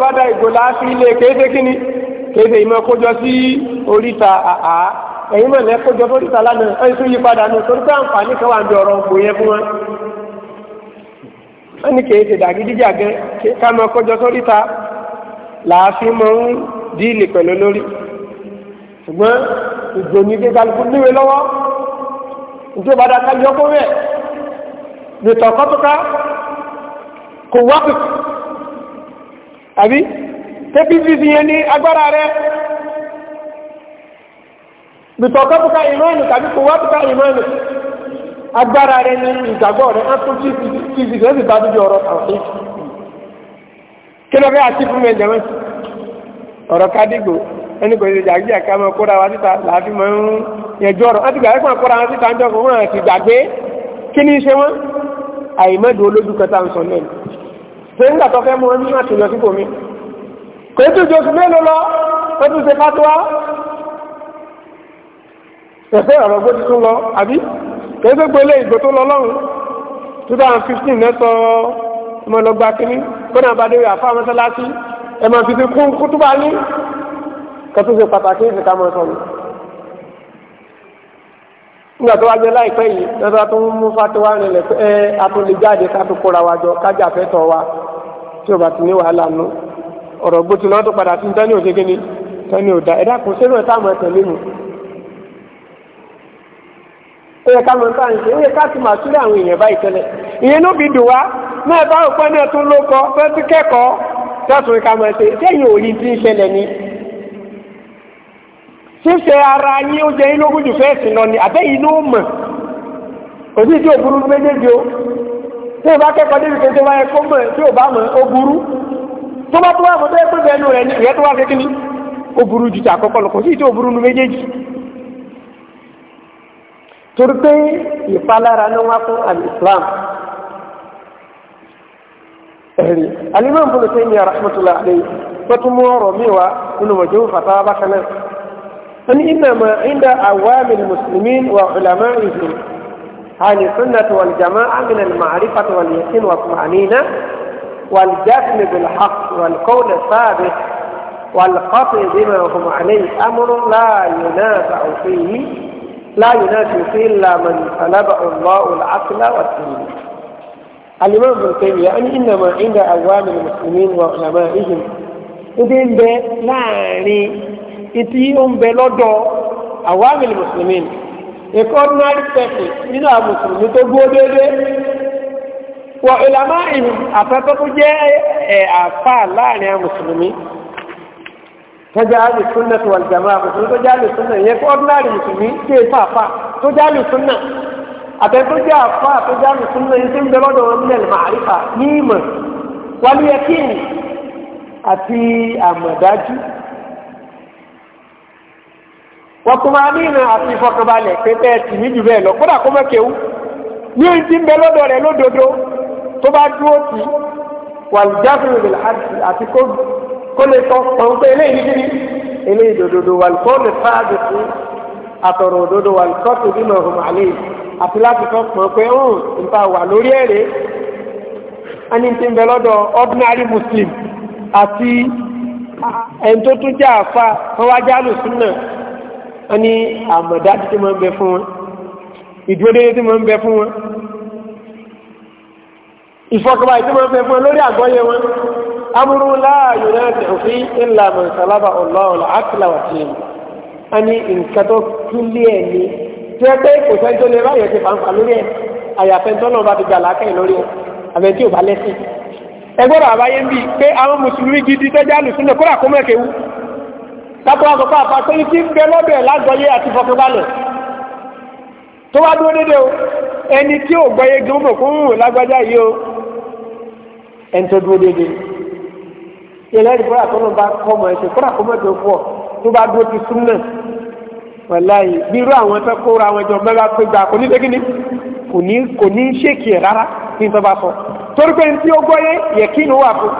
bá láti ilé èyí mọ̀ ní ẹkọ́jọ́ tó dìtà lánàá ẹni tó yí padà nù torí pé àǹfààní kan wà ń bí ọ̀rọ̀ òpò yẹn fún wọn. wọ́n ní kèé ṣe dàgídíjà gẹ́ ká mọ ẹkọ́jọ́ tó dìtà làáfin mọ ń díìlì pẹ̀lú lórí. ṣùgbọ́n ìgbòmí gbé kálukú níwèé lọ́wọ́ nítorí bàdá kájú ọkọ rẹ̀ nìtọ̀ kọ́tọ́ká kò wá àbí tẹ́pí fi fi yẹn ní agbára rẹ̀ bìtọ̀kọ́bùkà ìmọ̀ọ́nù tàbí kòwátùkà ìmọ̀ọ́nù agbára rẹ ní ìgbàgbọ́ rẹ ápùtù tìzì rẹ sì bá dúdú ọ̀rọ̀ àwòṣe kí ló fẹ́ àti fún ọ̀rọ̀ ẹni kò ṣe jàgbé kóra wa síta làáfi máa ọ̀rọ̀ láti gbàgbé síta ń wọn àti kí ṣe wọn àìmọ́dù olójú kẹta ń kẹfẹ́ ọ̀rọ̀ gbó tuntun lọ àbí kẹfẹ́ gbélé ìgbó tó lọ lọ́rùn 2015 nẹ́sọ̀ ọmọlọgba kínní kódà bá déwì àfa mọ́sálásí ẹ máa fi ti kún kútúbà ní kẹtù ṣe pàtàkì ìfìkà máa sọ̀rọ̀ nígbà tó wá jẹ láìpẹ́ yìí lọ́dọ̀ tó ń mú fatiwa nílẹ̀ pé ẹ atúnlẹ̀jáde kátó kóra wa jọ kájà fẹ́ tọ̀ wa tí o bá ti ní wàhálà nù ọ̀rọ̀ gbó tí lọ́dọ̀ padà sí tẹ́ni òṣèkéni tẹ́ni òdà ẹ̀dá kò sẹ́nu ẹ̀ táwọn ẹ̀ tẹ̀lé mu ó yẹ ká mọ nǹkan ṣe ó yẹ ká ti máa túlẹ̀ àwọn èèyàn báyìí tẹ́lẹ̀ ìyẹn ló fi dùn wá náà bá òpin náà tún ló kọ fẹ́ tún kẹ́kọ̀ọ́ tọ́tún ká máa ṣe sẹ́yìn òní ti ń ṣẹlẹ̀ ni ṣíṣe ara yín ó jẹ inú ogún jù fẹ́ẹ̀sì lọ ni àbẹ́yìn ló mọ̀ kò sí tí ò méjèèjì o tí ò bá kẹ́kọ̀ọ́ débi kan tó bá yẹ kó mọ̀ tí ò bá mọ̀ ó burú tó bá tó wà mọ̀ tó pé bẹ́ẹ̀ turpe ìpalára ló wá fún alìsílám ẹ̀rí alimọ́ nbọ̀lù tó ní arahmatullah alayhi wọ́n tún mú ọ̀rọ̀ mi wá nínú mọ̀jọ́ fata bákan náà wọ́n ní ìnàmà ìdá awamil muslimin wa ulama ìhìn hali sunnati wal jama'a min al ma'rifati wal yaqin wa tumanina wal jasmi bil haqq wal qawli sabit wal qat'i bima hum alayhi amrun la yunafa fihi لا ينافي فيه إلا من طلبه الله العقل والتنين الإمام ابن تيمية يعني إنما عند أعوام المسلمين وعلمائهم إذن بي لاني إتيهم بلودو أعوام المسلمين يكون نار تكي من المسلمين تقول وعلمائهم أفتقوا جاء أفعال لاني المسلمين tó jẹ́ alùsùnà tó wàlùjàmá àkùsùn tó jẹ́ alùsùnà yẹn kó ọ́dúnárì mùsùlùmí tí èyí fàáfà tó jẹ́ alùsùnà àtẹ tó jẹ́ àfà tó jẹ́ alùsùnà yìí tó ń bẹ lọ́dọ̀ wọn nílẹ̀ màrífà ní ìmọ̀ wálé ẹkíni àti àmọ̀dájú. wọ́n kó máa ní ìrìn àti ìfọkànbalẹ̀ pé tẹ́ ẹ tì mí jù bẹ́ẹ̀ lọ kódà kó mọ́ kéwú ní èyí kó lè sọ pọ̀n pé eléyìí kiri eléyìí dòdòdò wà lùkọ́ lè fà á dùkú àtọ̀rọ̀ òdòdò wà lùkọ́ tó bí màhùn àlè àti láti sọ pọ̀n pé ó ń wà lórí ẹ̀rẹ́ a ní ń bẹ lọ́dọ̀ ordinary muslim àti ẹni tó tún jẹ́ àfa tó wá já lù sún náà a ní àmọ̀dájú tó máa ń bẹ fún wọn ìdúródédé tó máa ń bẹ fún wọn ìfọkànbá tó máa ń bẹ fún wọn lórí àgbọ́yé wọn amúrú láàyò náà ti fi ńlá mọ̀ sálábà ọlọ́ọ̀lọ́ àkìláwàtì ẹ̀mí a ní nǹkan tó kílé ẹ̀ ní tí ó pé kò sẹ́jọ́ lè ráyè ti fàǹfà lórí ẹ̀ àyàfẹ́ tọ́lọ́ bá ti gbà lákàyè lórí ẹ̀ àbẹ̀ tí ò bá lẹ́sìn ẹgbọ́dọ̀ àbáyé ń bí pé àwọn mùsùlùmí gidi tẹ́jà lùsùnà kó ràkúnmọ́ kéwú tápọ̀ àkọ́kọ́ àpàtẹ́lú tí ń bẹ lọ́bẹ̀ lágbọ́yé àti fọkànbalẹ̀ tó wá dúró dédé o ẹni tí ò gbọ́yé gbọ́mọ̀ kó lágbájá yìí o ẹni tó dúró dédé ìlẹ́rìí bọ́lá tó lọ́ba kọ́ ọmọ ẹ̀sìn kọ́lá kọ́ mọ́tò pọ̀ tó bá dúró ti sún náà wàláyé bí irú àwọn tó kóra àwọn ẹjọ́ mẹ́ta pé gbà kò ní lé kíní kò ní ṣèkì ẹ̀ rárá ní ìtọ́ba sọ torí pé tí ó gbọ́yé yẹ̀kínú wà fún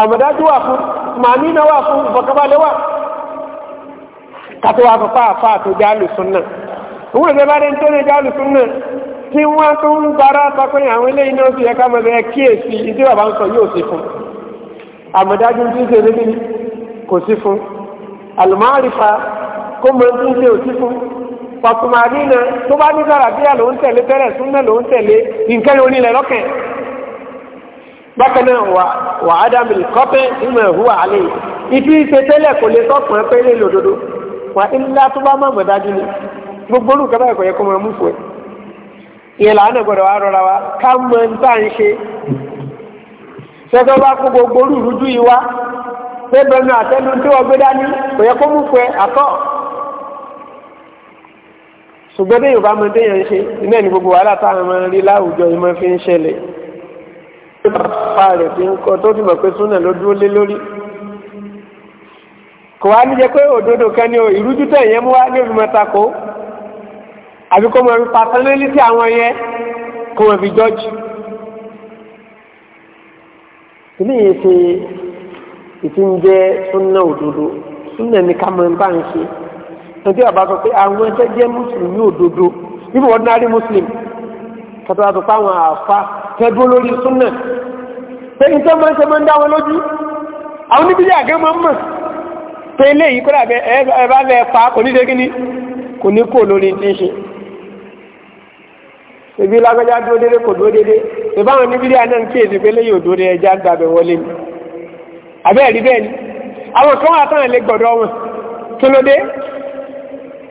àmọ̀dájú wà fún màmínà wà fún ìfọ̀kànbalẹ̀ wà kátó wà fún fáàfá tó já lùsùn náà òun ìgbẹ́ bá dé tó lè já lùsùn náà tí wọ́n tó ń gbára takùnrin àwọn ilé iná sí ẹ̀ka mọ̀ àmọ̀dájú tí ń ṣe ní kíni kò sí fún àlùmọ́àrífà kó mọ tí ń ṣe ò sí fún pàtùmáàdì náà tó bá ní sàràbíà ló ń tẹ̀lé tẹ́lẹ̀ súnmọ́ ló ń tẹ̀lé nǹkan yóò nílẹ̀ lọ́kẹ̀ bákan náà wà ádámù kọ́pẹ́ ìmọ̀ ìhùwà àlẹ́ ìfi ìṣe tẹ́lẹ̀ kò lè sọ́kùnrin pé lè lòdodo wà ńlá tó bá mọ̀ àmọ̀dájú ni gbogbo olùkọ́ báyìí kò yẹ kó mọ̀ mú fún ẹ ìyẹn sọ́tọ́ bá kó gbogbo rúrúdú yìí wá pé bẹnu àtẹnu tí wọ́n gbé dání kò yẹ kó mú fẹ́ àtọ́ ṣùgbọ́n tí yorùbá mọ téèyàn ń ṣe iná ní gbogbo wàhálà táwọn ọmọ rí láwùjọ yìí máa fi ń ṣẹlẹ̀ bàbá rẹ̀ fi ń kọ tó mọ̀ pé súnà ló dúró lé kò wá fi jọ́jì ilé yìí ṣe ìtúnjẹ súnà òdodo súnà ní ká máa ń bá ń ṣe ẹni tí bàbá sọ pé àwọn ẹgbẹ́ jẹ́ mùsùlùmí òdodo níbi ordinary muslim kàtó àti fáwọn àfa tẹ́gbó lórí súnà pé ní tó máa ń ṣe máa ń dá wọn lójú àwọn níbi ilé àgẹ́ máa ń mọ̀ pé ilé kó dàbẹ́ ẹ fa kò ní ṣe ni kò ní kó lórí ti ṣe ebi lágbájá dúró dédé kò dúró dédé ìbá wọn níbi rí àná ń kí èsì pé lẹ́yìn òdó rẹ ẹja ń dàbẹ̀ wọlé ni àbẹ́ẹ̀rí bẹ́ẹ̀ ni àwọn kan wà tán lè gbọ́dọ̀ wọn kí ló dé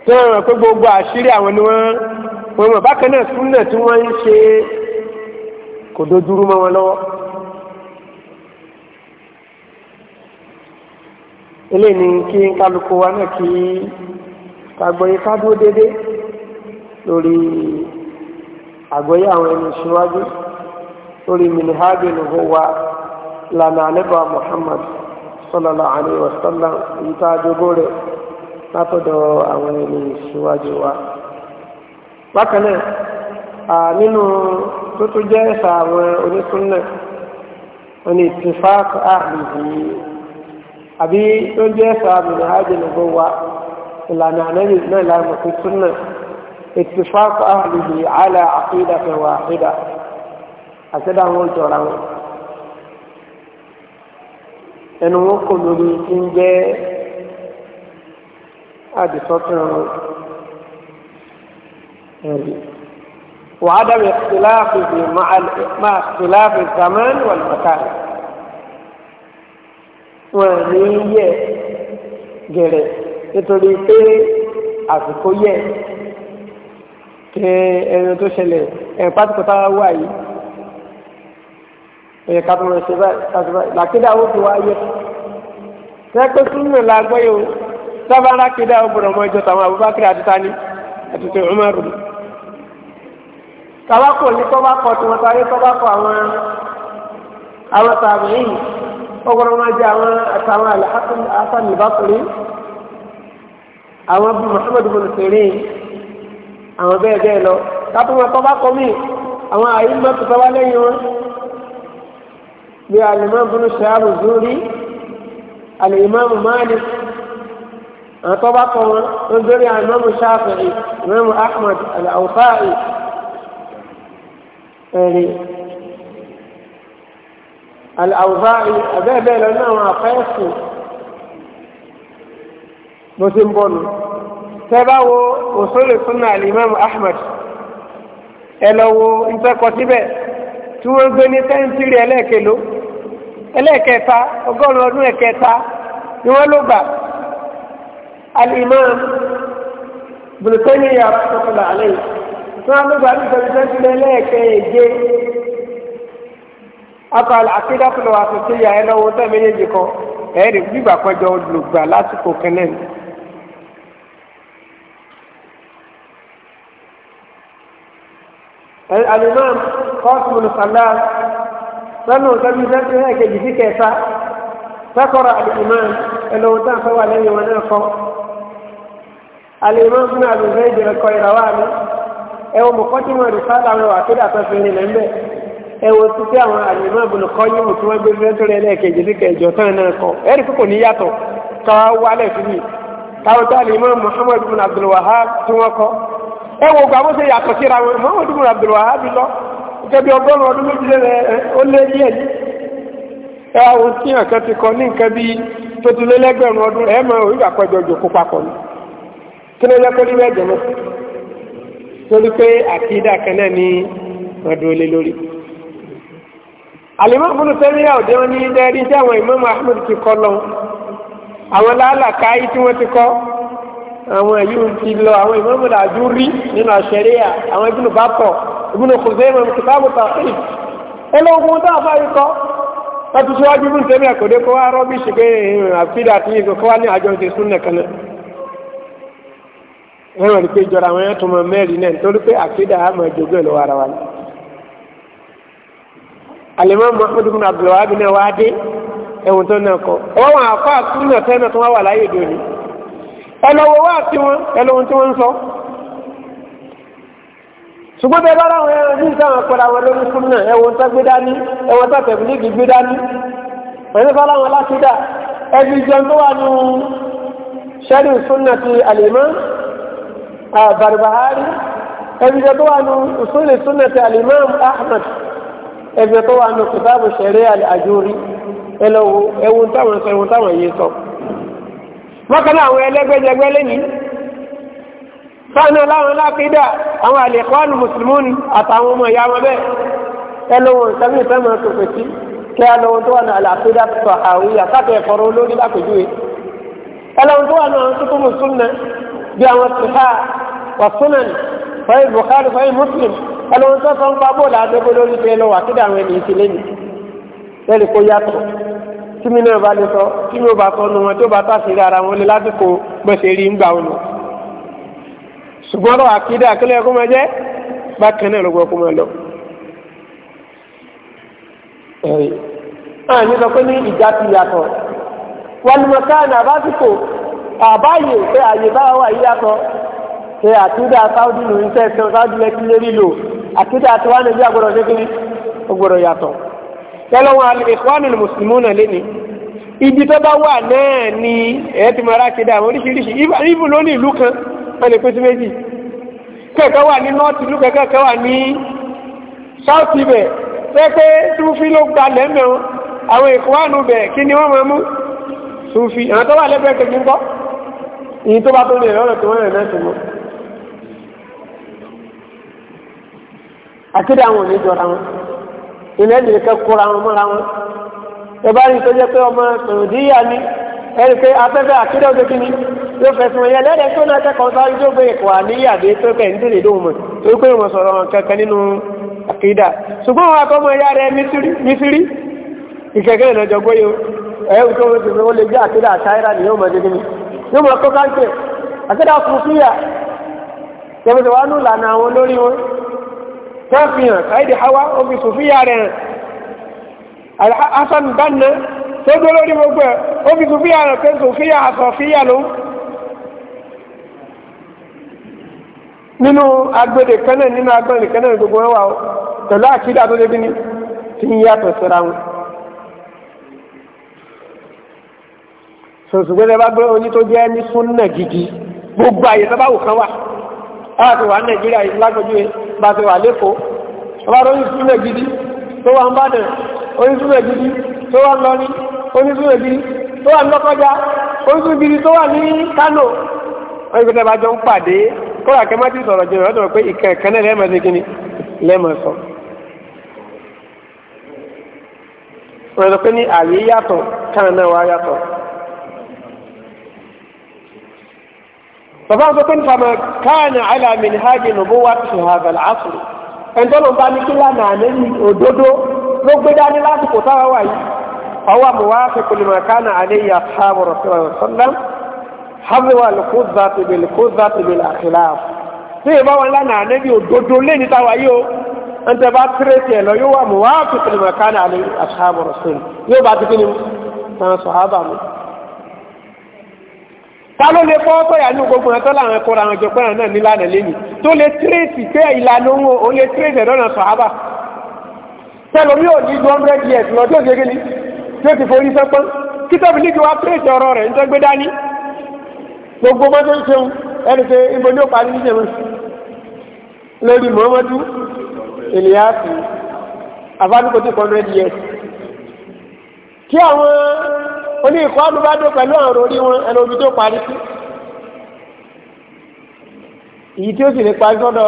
tí wọ́n rọ̀ pé gbogbo àṣírí àwọn ni wọ́n wọ́n mọ̀ bákan náà súnà tí wọ́n ń ṣe kò dojúrú mọ́ wọn lọ́wọ́ eléyìí ni kí kálukú wa náà kí kagbọ́yé ká dúró dédé Agụ ya n'enyi esuwa gị, n'oriri mmiri ha abịa na ịhụnwa, la na n'Ebomu Ahmad sọlọla aniiwọsọla ntadogore, na-apụtara dọọrọ awa n'enyi esuwa gị wa. Makanaa, a ninu tutu jee saa, awa onye sunna, ndi tufa ka ahịhịa. Abi n'o jee saa mmiri ha abịa na ịhụnwa, la na n'enyi na-ala ọmụsụsụ nna. اتفاق أهله على عقيدة واحدة أسدى هو جرم ẹnu wọn kò lórí tí ń jẹ́ وعدم اختلافه مع مع اختلاف الزمان والمكان ونية جري nítorí pé àsìkò yẹ ṣe ẹran tó ṣẹlẹ̀ ẹ̀ pátákọ́tà wà yìí ẹ̀ kàtúmọ̀ ṣe báyìí làkídà ó fi wá yẹ rẹ́pẹ́ súnmọ̀ la gbọ́ yìí o sábà lákídà ó gbọ́dọ̀ mọ ìjọ tàwọn Abubakar àti tani àti tẹ Umaru tabakọ ní tọ́bakọ tí wọ́n tarí tọ́bakọ àwọn àwọn tàbí yìí ọgbọ́n máa jẹ́ àwọn àtàwọn alhassan albasiri àwọn bí Muhammadu bin àwọn bẹ́ẹ̀ bẹ́ẹ̀ lọ kápẹ́mọ̀ tó bá kọ́ mí àwọn àyíká tó tọ́ bá lẹ́yìn wọn bí alìmọ́ bínú ṣáàbù zúrí alìmọ́ Malik àwọn tó bá kọ́ wọn ó dórí alìmọ́ Shafi'i imam Ahmad al-Awfa'i ẹ̀rí al-Awfa'i àbẹ́ẹ̀ lọ ní àwọn àfẹ́sùn bó ti ń bọ̀ nù. tẹ́bá wo súnà alimam ahmed ẹ lọ síbẹ̀ tí wọ́n gbé ní sẹ́ńtírì ẹlẹ́ẹ̀kẹ́ló ẹlẹ́ẹ̀kẹta ọgọ́rùn ọdún ẹ̀kẹta ni wọ́n ló gbà alimam bùrùkẹ́nìyà tọ́kùlà alẹ́ yìí tí wọ́n ló gbà ní sẹ́ńtírì ẹlẹ́ẹ̀kẹ́ẹ̀jẹ́ akọ alimam kọ́sùn sàlá sanu tàbí sẹ́tì na kejì sí kẹta sakọrọ alimam ẹlòmí tán fẹ́ wà lẹ́yìn wọn náà kọ́ alimam fún àdùnfẹ́ ìjìnlẹ̀ kọ ìràwá mi ẹwọ́n mọ̀kọ́tìmọ̀ rẹ̀ sábà wọn wà kéde àtọ́fẹ́ rẹ̀ lẹ́mbẹ́ ẹwọ́n ti tẹ́ àwọn alimam ẹ wo gba bó ṣe yàtọ̀ síra wọn Muhammadu bin Abdul Wahab lọ kẹbi ọgọ́rùn ọdún méjìlélẹ ó lé ní ẹyí ẹ àwọn tí nǹkan ti kọ ní nǹkan bíi tó ọdún ẹ mọ òyìnbá pẹjọ jòkó papọ̀ ni kí ló yẹ kó torí pé ní ọdún olè lórí. òde wọn ní dẹ́rí tí àwọn ìmọ̀ àwọn èyí ń ti lọ àwọn ìmọ̀mọ̀ làjú rí nínú àṣẹríà àwọn ìbùnú bá tọ̀ ìbùnú kò fẹ́ mọ̀ kìtà àbùtà sí ẹlọ́gbọ̀n tó àfáà yìí kọ́ láti síwájú fún tẹ́lẹ̀ àkọ́dé kó wá rọ́bì ṣe pé eh, àfídà àti ìgbẹ́ kó wá ní àjọ ìṣe súnlẹ̀ kan náà wọ́n rẹ̀ pé ìjọra àwọn ẹ̀tọ́ mọ àfídà àmọ́ ìjọba wa ni. àlèmọ́ Muhammadu bin Abdul Wahab ẹlọ́wọ́ wá sí wọn ẹlọ́wọ́ tí wọ́n ń sọ ṣùgbọ́n bẹ́ẹ̀ bá láwọn ẹran ní ìsáwọn ọ̀pọ̀lá wọn lórí fún náà ẹwọ́n tó gbé dání ẹwọ́n tó tẹ̀kù ní gbígbé dání wọ́n bá láwọn láti dà ẹbí jẹun tó wà ní ṣẹ́rí ìsúnà ti àlèmọ́ àbàrìbàhárì ẹbí jẹun tó wà ní ìsúnà ìsúnà ti àlèmọ́ Ahmad ẹbí jẹun tó wà ní kùtàbù ṣẹ̀rí àjòrí ẹlọ́wọ́ ẹwọ́n táwọn sọ ẹwọ́n táwọn yìí sọ bákan náà àwọn ẹlẹ́gbẹ́jẹgbẹ́ lẹ́yìn sáànà láwọn lápídà àwọn àlèkọ́ọ̀lù mùsùlùmí àtàwọn ọmọ ìyá wọn bẹ́ẹ̀ ẹlọ́wọ̀n sẹ́mi sẹ́mi ọ̀tọ̀tọ̀ sí kí ẹlọ́wọ̀n tó wà ní àlàpídà sọ àwíyà sáàtọ̀ ẹ̀kọ́rọ̀ olórí lápèjúwe ẹlọ́wọ̀n tó wà ní àwọn tuntun mùsùlùmí bí àwọn tìhá wà súnan fẹ́ẹ́ Bukhari fẹ́ẹ́ Muslim ẹlọ́wọ̀n tó sọ ń tími náà bá lè sọ tí mi bá sọnù wọn tí ó bá tàṣírí ara wọn lé lásìkò gbèsè rí ń gbà wọn. ṣùgbọ́n lọ àkídà máa jẹ́ bákan náà kó máa lọ. àwọn sọ pé ní ìjà ti yàtọ̀ ní àbásìkò pé àyè bá wà àtúndà tọ́lọ́wọ́n alìkọ́nù mùsùlùmí náà lé ní ibi tó bá wà náà ni ẹ̀yẹ́ ti mara kéde àwọn oríṣiríṣi ibù ló ní ìlú kan wọ́n lè pín sí méjì kẹ̀kẹ́ wà ní north ìlú kẹ̀kẹ́ wà ní south ibẹ̀ pẹ́pẹ́ túnfí ló gba lẹ́mẹ̀ wọn àwọn ìkọ́wánu bẹ̀ kí ni wọ́n máa mú túnfí àwọn tó wà lẹ́gbẹ̀ẹ́ kejì ń kọ́ ìyí tó bá tó lè lọ́rọ̀ tó wọ́n rẹ̀ náà ní jọra wọn iná ìdílé kẹ́ kóra wọn wọn ẹ bá rí i tó jẹ́ pé ọmọ ni ẹ rí i ya afẹ́fẹ́ àkídà ni yóò fẹ̀sùn ẹ̀yẹ lẹ́dẹ̀ẹ́ tó náà kẹ́kọ̀ọ́ sáré tó gbé ẹ̀kọ́ àníyàdé tó kẹ́ ń a dóhùn mọ̀ tó pé wọn sọ̀rọ̀ kankan nínú akida ṣùgbọ́n wọn akọ́mọ ya rẹ̀ mísírí ìkẹ́kẹ́ ìrìnàjò gbóyò ẹ̀yẹ́ tó wọ́n ti fi wọ́n lè ni yóò yóò wọ́n fi hàn káyìdì hawa ó fi sùfíyà rẹ̀ hàn Hasan Banna tó dúró lórí gbogbo ẹ̀ ó fi sùfíyà rẹ̀ pé sùfíyà àsọ̀fíyà ló nínú agbede kan náà nínú agbọ̀nrin kan náà gbogbo wọn wà ó pẹ̀lú àkídà tó débi ní ti ń yàtọ̀ síra wọn. sòsùgbọ́n bá gbé oní tó jẹ́ ní súnnà gidi gbogbo àyè tó bá wù kán wà. láti wà nàìjíríà lágbójúwe bá ti wà lẹ́kọ̀ọ́ ọba tó gidi tó wà ń bàdàn onísúnmẹ̀ gidi tó wà ń lọrin onísúnmẹ̀ gidi tó wà ń lọ́kọ́já onísúnmẹ̀ gidi tó wà ní kano wọ́n ti ń pàdé sọ. فبعض كن فما كان على منهاج النبوة في هذا العصر أن تلو باني كلا ناني أدودو رب داني لا تقطع واي هو موافق لما كان عليه أصحاب رسول الله صلى الله عليه وسلم حظوا الخذة بالخذة بالأخلاف في بابا لا ناني أدودو لين تاوايو أنت باتريتي لو يوا موافق لما كان عليه أصحاب رسول يو باتريتي أنا صحابة منه ta ló lè fọ́ tọ́yà ní gbogbo ẹ̀ tó láwọn ẹ̀kọ́ làwọn ẹ̀jọ̀ pẹ́ràn náà nílànà lẹ́yìn tó lè tírèsì pé ìlànà òun ò lè tírèsì ẹ̀dọ́nà sàábà tẹlomi ò ní ju hundred years lọ tó gẹ́gẹ́ ni tó ti forí sẹ́pọ́n kí tẹ́bi ní kí wá tírèsì ọ̀rọ̀ rẹ̀ ń tẹ́ gbé dání gbogbo mọ́tò ń ṣeun ẹni pé ibo ni ó parí ní ṣẹ́wọ̀n lórí Muhammadu Eliyasu abádùkọ́ ti hundred years kí àwọn oní ìkọ́ ọdún bá dó pẹ̀lú àwọn orí wọn ẹnu omi tó parí sí èyí tí ó sì lè parí sọ́dọ̀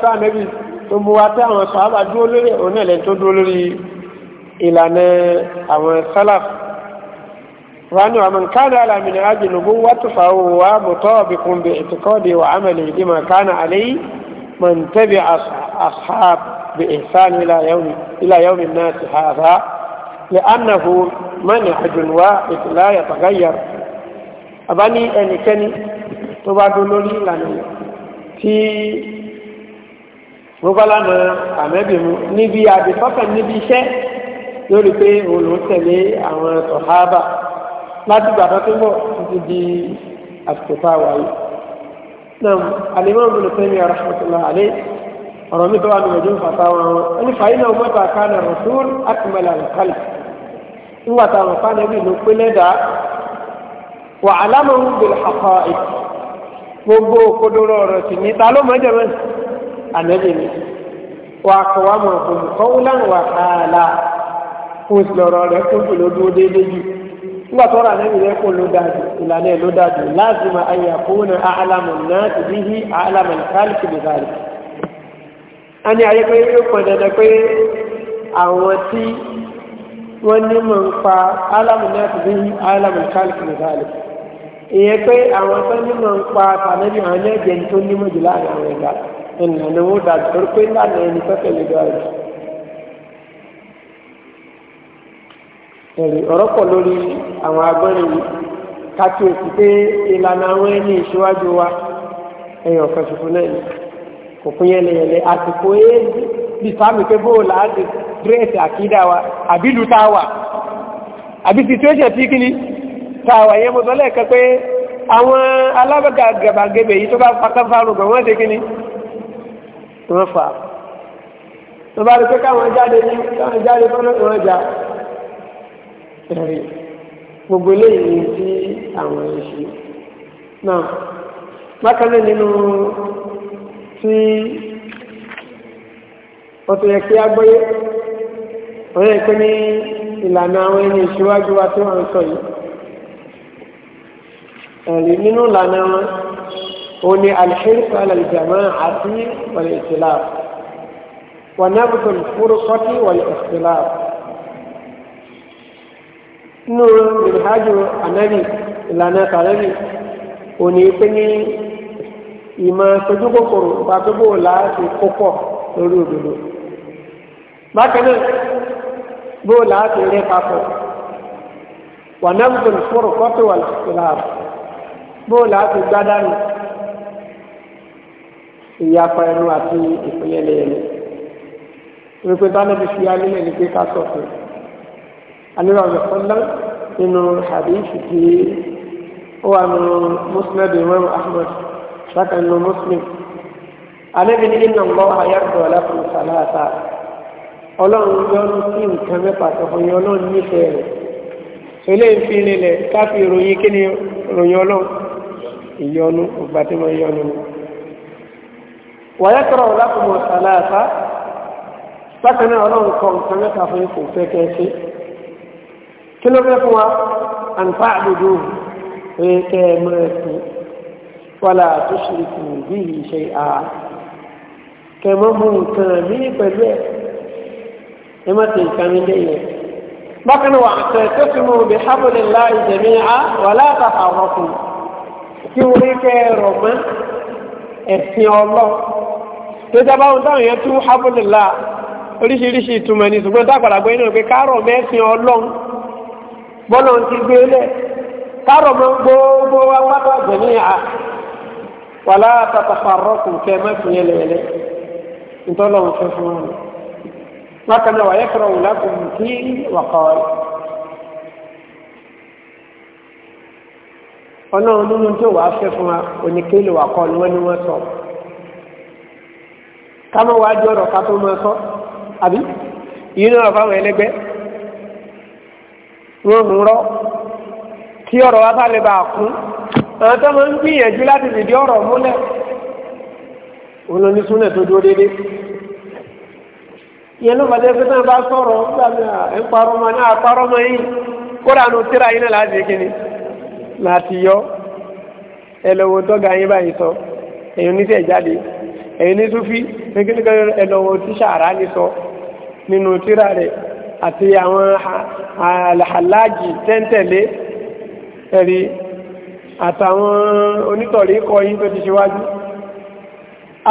sáà nẹ́bí tó mú wa tẹ́ àwọn sàábà dúró lórí òun náà lẹ́ni tó dúró lórí ìlànà àwọn sálàf wani wa man kana ala min ajin nubuwwati fa huwa mutawabiqun bi i'tiqadi wa amali bima kana alayhi man tabi'a ashab bi ihsan ila yawmi ila yawmi an-nas hadha لأنه منهج واحد لا يتغير أباني ẹnikẹ́ni tó bá dó lórí ìlànà tí gbogbo lánà àmẹ́bìmú níbi àdìsọ́kàn níbi iṣẹ́ lórí pé òun tẹ̀lé àwọn sọ̀hábà láti gbàtọ́ tó bọ̀ títí di àsìkò tá a wáyé náà alimọ́n bin tẹ́mi arahmatullah alẹ́ ọ̀rọ̀ mi tó wà nínú ìjọba fàtàwọn ẹni fàyínà ọmọ bàkánà rasul akmala alkalif nígbà táwọn fánẹ́bì ló pé lẹ́dàá wà alámọ̀hún bèrè àkọ́ gbogbo òkodoro ọ̀rọ̀ sì ní ta ló mọ̀ jẹ́ mẹ́rin ànẹ́bì ni wà kọ̀wá mọ̀ olùkọ́wó láwọn wà káàlà fún ìsìlọ̀rọ̀ rẹ̀ tó kù ló jù nígbà tó rà ànẹ́bì rẹ̀ kò ló dájú ìlànà ẹ̀ ló dájú láti máa ayé àkóhùn àhàlámù náà ti bí hí àhàlámù kálíkì lè dárí. a ní ayé pé yóò pọn dandan pé àwọn tí wọ́n ní mọ̀ ń pa alamu náà ti bí alamu kálíkì nìbàlì Ihe pé àwọn tó ní mọ̀ pa tànẹ́bí àwọn ní ẹ̀jẹ̀ tó ní mọ̀ jù láàrin àwọn ẹ̀dá ìlànà ni lórí àwọn pé ìlànà àwọn ẹni ìṣíwájú wa kan náà òfin yẹlẹyẹlẹ àsìkò éèdì bí sáàmì pé bóò láti dírẹ́sì àkídà wa àbílù táwà àbí situation tí kí ni táwà yẹn mo sọlẹ̀ kẹ pé àwọn alábẹ́gà gàbàgẹ́bẹ̀ yìí tó bá fakáfárò gan wọ́n ṣe kí ni wọ́n fà á tí ó tó yẹ kí á gbọ́yé ó yẹ kí ní ìlànà àwọn ẹni ìṣíwájú wa tí wọ́n ń sọ yìí ẹ̀rí nínú ìlànà wọn ó ní alhirsu alaljama àti wal ikhtilaf wa nabtu alfurqati wal ikhtilaf nínú ìrìnàjò ànábì ìlànà tànábì ò ní pé ní ìmọ̀ sojú kòkòrò nípa pé bó láti kópọ̀ lórí òdodo bákan náà bó láti rẹ papọ̀ wà nẹ́bùtò fúrò kọ́tù wà láàrú bó láti gbádànù ìyapa ẹnu àti ìpínlẹ̀ ẹnu wípé bá níbi fi alílẹ̀ ní pé ká sọ fún un ọ̀rọ̀ sọ́lá nínú hadithi tí ó wà nínú muslim imam ahmed bákan nínú muslim alẹ́bi ní iná ńlọ ayáàdọ̀ aláfin sàlàtà ọlọ́run yọ́nú sí nǹkan mẹ́fà tọ̀hún yọ ọlọ́run nífẹ̀ẹ́ rẹ̀ ilé ìfi nílẹ̀ káfí ìròyìn kí ni ròyìn ọlọ́run ìyọnu ọgbà tí mo yọnu ni wàyẹ́kọ̀rọ̀ láti mọ̀ sàlàtà bákan náà ọlọ́run kọ nǹkan mẹ́fà fún ikú fẹ́kẹ́ sí kí ló fẹ́ fún wa àǹfà àdúgbò pé kẹ́ fọlá tó ṣe kù bí ìṣe à kẹmọ́ mú nǹkan mí pẹ̀lú ẹ̀ ẹ má ti nǹkan mi lẹ́yìn ẹ̀ bákan náà wà á tẹ̀ tó fi mú bí hábùlélá ìjẹ̀mí à wà látàkà ọkùn kí orí kẹ́ rọ̀ mọ́ ẹ̀sìn ọlọ́ tó dábàá ohun táwọn yẹn tú hábùlélá oríṣiríṣi ìtumọ̀ ní ṣùgbọ́n dágbàlagbọ́ inú pé kárọ̀ mẹ́sìn ọlọ́run bọ́lọ̀ ti gbé lẹ̀ kárọ̀ mọ́ gbogbo wákàtà jẹ̀mí wàlá tatafarọ́kù kẹ́ má fi yẹn lẹ́yẹlẹ́ ntọ́lọ́ nfẹ́ fún wọn. bákan náà wàyẹ kúrò wùlá kò mú wa sọ. ká má wàá jọ̀rọ̀ ká sọ àbí wa àwọn tó máa ń gbìyànjú láti fìdí ọ̀rọ̀ múlẹ̀ òun ló ní súnà tó dúró déédéé ìyẹn ló bá jẹ́ pé náà bá sọ̀rọ̀ nígbàmí ẹ̀ ń parọ́ mọ́ náà parọ́ mọ́ yìí kódà nù tíra yìí náà láti kíni láti yọ ẹlọ́wọ́ tọ́ga yín báyìí sọ ẹ̀yin oníṣẹ́ ìjáde ẹ̀yin ní súfí nígbàkan àtàwọn onítọ̀rí kọ yí tó ti ṣíwájú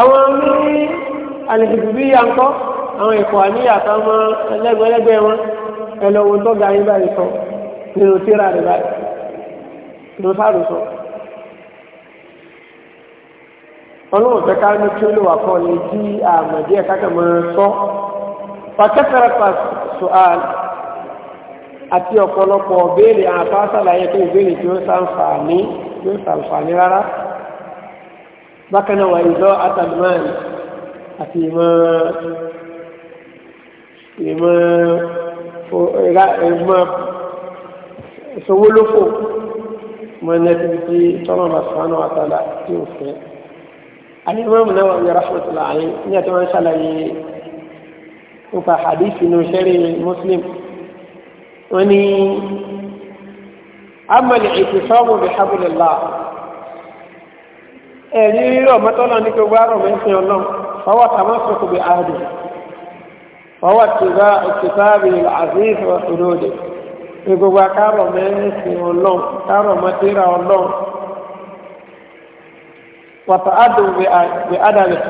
àwọn ní alìsìtìbí yankọ́ àwọn ìkọ̀ àníyà táwọn ẹlẹ́gbẹ̀lẹ́gbẹ̀ wọn ẹlọ́wọ́ tó ga yín báyìí sọ nínú tíra rẹ̀ báyìí ló sáàrù sọ ọlọ́wọ́ fẹ́ ká ní kí ó lè wà kọ́ lè di àmọ̀dí ẹ̀ká kẹ̀mọ́ sọ pàtẹ́fẹ́rẹ́ pàṣọ àlè àti ọ̀pọ̀lọpọ̀ ọ̀béèrè àbá sàlàyé pé ìbéèrè tí ó sàǹfààní tí ó sàǹfààní rárá bákanáà wà ìzọ́ atalimani àti ìmọ̀ ìmọ̀ ìmọ̀ ìṣòwólófò mọ̀nẹ́tìbìtì tọ́nà bàtàánà àtàlà tí ó fẹ́ àti ìmọ̀ ìmọ̀ náà wà ní rahmatullahi ní àti wọ́n ó ní amẹ̀lẹ̀ ìfìsọ́mù bí hábìlélà ẹ̀rí rírọ̀ mọ́tọ́lọ́ ní gbogbo àrọ̀ mẹ́sìn ọlọ́ fọwọ́ tàmásùkù bí ààdùn fọwọ́ tìbá ìtìbáàbì àzíz ọ̀sùlódì gbogbo akárọ̀ mẹ́sìn ọlọ́ kárọ̀ mọ́tìrà ọlọ́ wàtà àdùn bí àdàlẹ̀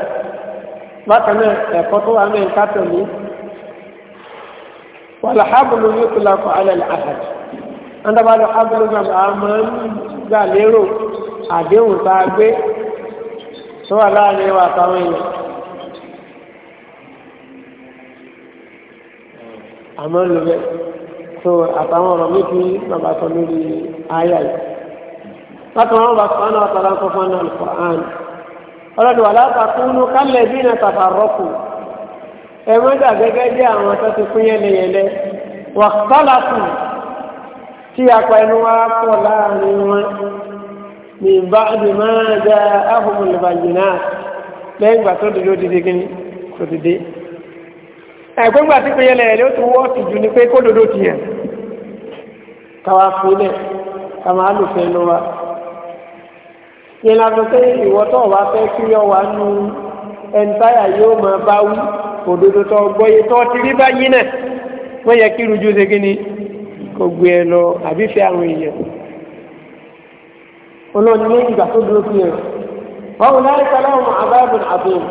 bákan náà ẹ̀kọ́ tó wà ní ìkátọ̀ ní wàlàhábùlù yóò tó lakọ alẹ́ àhàjì andabalẹ̀ hábùlù náà a máa ń gbà lérò àdéhùn tá a gbé tó wà láàrin wa àtàwọn èèyàn àmọ́ ń lò bẹ́ẹ̀ tó àtàwọn ọ̀rọ̀ méjì bàbá sọ lórí ayà yìí látọ̀ wọn bá sọ́nà àtàlà ń kọ́ fún ọ̀nà àlùkò àn ọlọ́dún wàlá tàkùnú kálẹ̀ bí náà tàbá rọ́pù ẹ̀mọ́dà gẹ́gẹ́ bí àwọn tó ti kú yẹlẹyẹlẹ wà kọ́làkù tí apá ẹnu wa pọ̀ láàrin wọn ní ìbáàdì máa já ahùnmùlùbàjì náà lẹ́yìn ìgbà tó dìde ó dìde gíní tó dìde ẹ̀gbẹ́gbà tí kú yẹlẹyẹlẹ ó tún wọ́ọ̀tì jù ní pé kó òdodo tó gbọ́yé tó ti rí báyìí náà wọ́n yẹ kí rújú ṣe kí ni kò gbé ẹ lọ àbí fẹ́ àwọn èèyàn olóòní ní ìgbà tó dúró sí ẹ̀rọ wọ́n láì sáláwọn àbábùn àbòm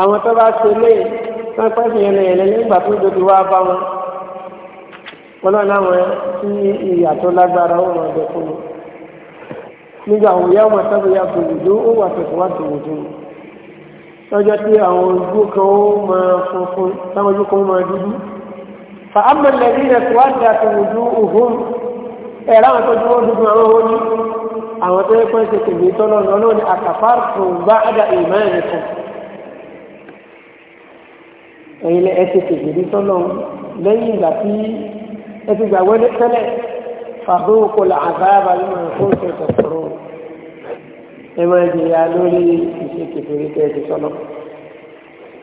àwọn tó bá ṣe lé wọ́n pẹ́ sí ẹlẹ́ ẹ̀lẹ́ nígbà tó dúró wá bá wọn wọ́n náà láwọn tí ìyà tó lágbára ó rọ̀ fún wọn nígbà òun yá wọn sábẹ̀ yá bòlùdó ó wà tẹ̀síwájú òjò wọn lọ́jọ́ tí àwọn ojú kan ó máa funfun táwọn ojú kan ó máa dúdú fa amẹ́lẹ̀rí rẹ̀ tó wá dà tó ojú òhun ẹ̀rọ àwọn tó dúró dúdú àwọn owó ní àwọn tó yẹ ṣe kèmí tọ́lọ́ lọ́nà ní àkàfàrùn bá àdà ìmọ̀ ẹ̀ kan ẹmọ ìjìyà lórí ìṣe kẹfìrí kẹfì sọlọ.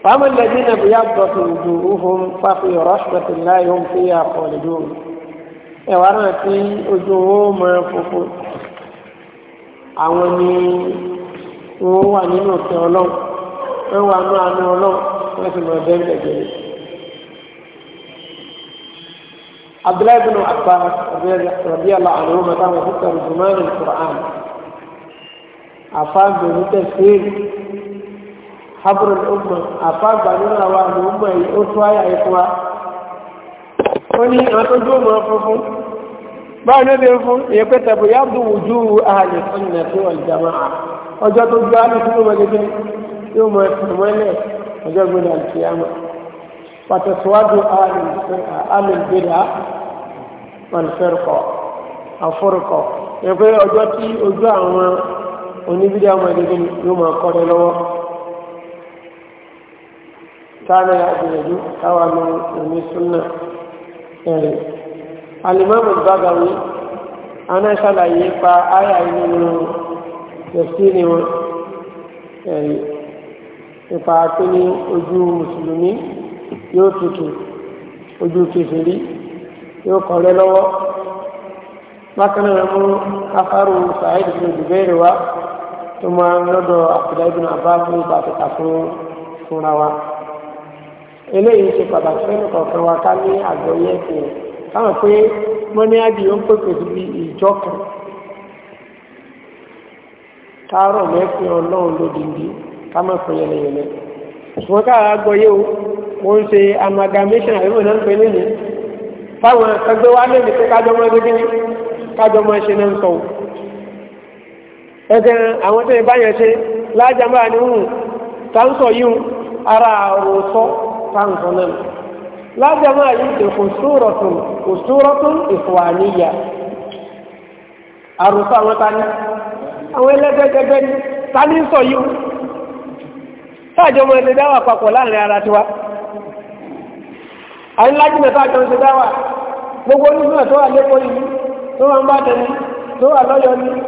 fàámù lẹ́bí náà bóyá bọ̀tù ojú òhun pápí ọ̀rọ̀ ṣùgbọ́tì láì ohun tí yà pọ̀ lójú òun. ẹ̀wà náà tí ojú owó máa fòfò àwọn ni wọ́n wà nínú òkè ọlọ́run wọ́n wà nínú àánú ọlọ́run wọ́n sì máa bẹ́ẹ̀ gẹ̀gẹ̀rẹ̀. abdullahi bin abbas rabi allah anhu ma táwọn fúkà rùdùmáà ní àfáàgbè ní tẹ̀síìrì habru ọmọ àfáàgbà nínú àwọn àmì ya yi ó tó àyà ikú wa ó ní ọmọ fún ìyẹn yá wùjú ọjọ́ tó yóò ọjọ́ àti ìyẹn pé ọjọ́ tí ojú àwọn oníbídíà ọmọ ẹgbẹ́ ni yóò máa kọ́ni lọ́wọ́ táàmì àgbìyànjú káwà ní omi súnà ẹ̀rẹ̀ alimami bagawi aná ṣàlàyé pa àyà nínú tẹ̀síìnì wọn ẹ̀rẹ̀ ipa tó ní ojú mùsùlùmí yóò tutù ojú kèfèrí yóò kọ́lé lọ́wọ́ bákan náà mú afárò sàáìdì tó dùbẹ́rẹ̀ wá tó máa ń lọ́dọ̀ àbúdáìbùn àbáfún ìgbà àtẹ́ta fún fúnra wa eléyìí ṣe pàtàkì fẹ́nu kọ̀ọ̀kan wa ká ní àgbọ̀yé ẹ̀sìn ẹ̀ káwọn pé mọ́níádì ó ń pèpè síbi ìjọ kan káàárọ̀ mẹ́fin ọlọ́run lódìndí ká má fún yẹlẹyẹlẹ ṣùgbọ́n káàárọ̀ àgbọ̀yé o mo ń ṣe amalgamation àbíbò náà ń pè nínú fáwọn akẹgbẹ́ wa lẹ́nu pé kájọ mọ́ ẹgbẹ́ kíní kájọ mọ́ ẹṣẹ́ náà ń sọ̀wọ́ ẹgbẹ́ àwọn tó yẹ ṣe lájàmbá ni hùn táǹsọ yìí ara àròsọ táǹsọ náà lájàmbá yìí ṣe kò sóòrọ̀tún kò sóòrọ̀tún ìfọ̀wàníyà àròsọ àwọn tani àwọn ẹlẹ́gbẹ́gbẹ́ ni tani ń sọ yìí dáwà papọ̀ láàrin ara tiwa gbogbo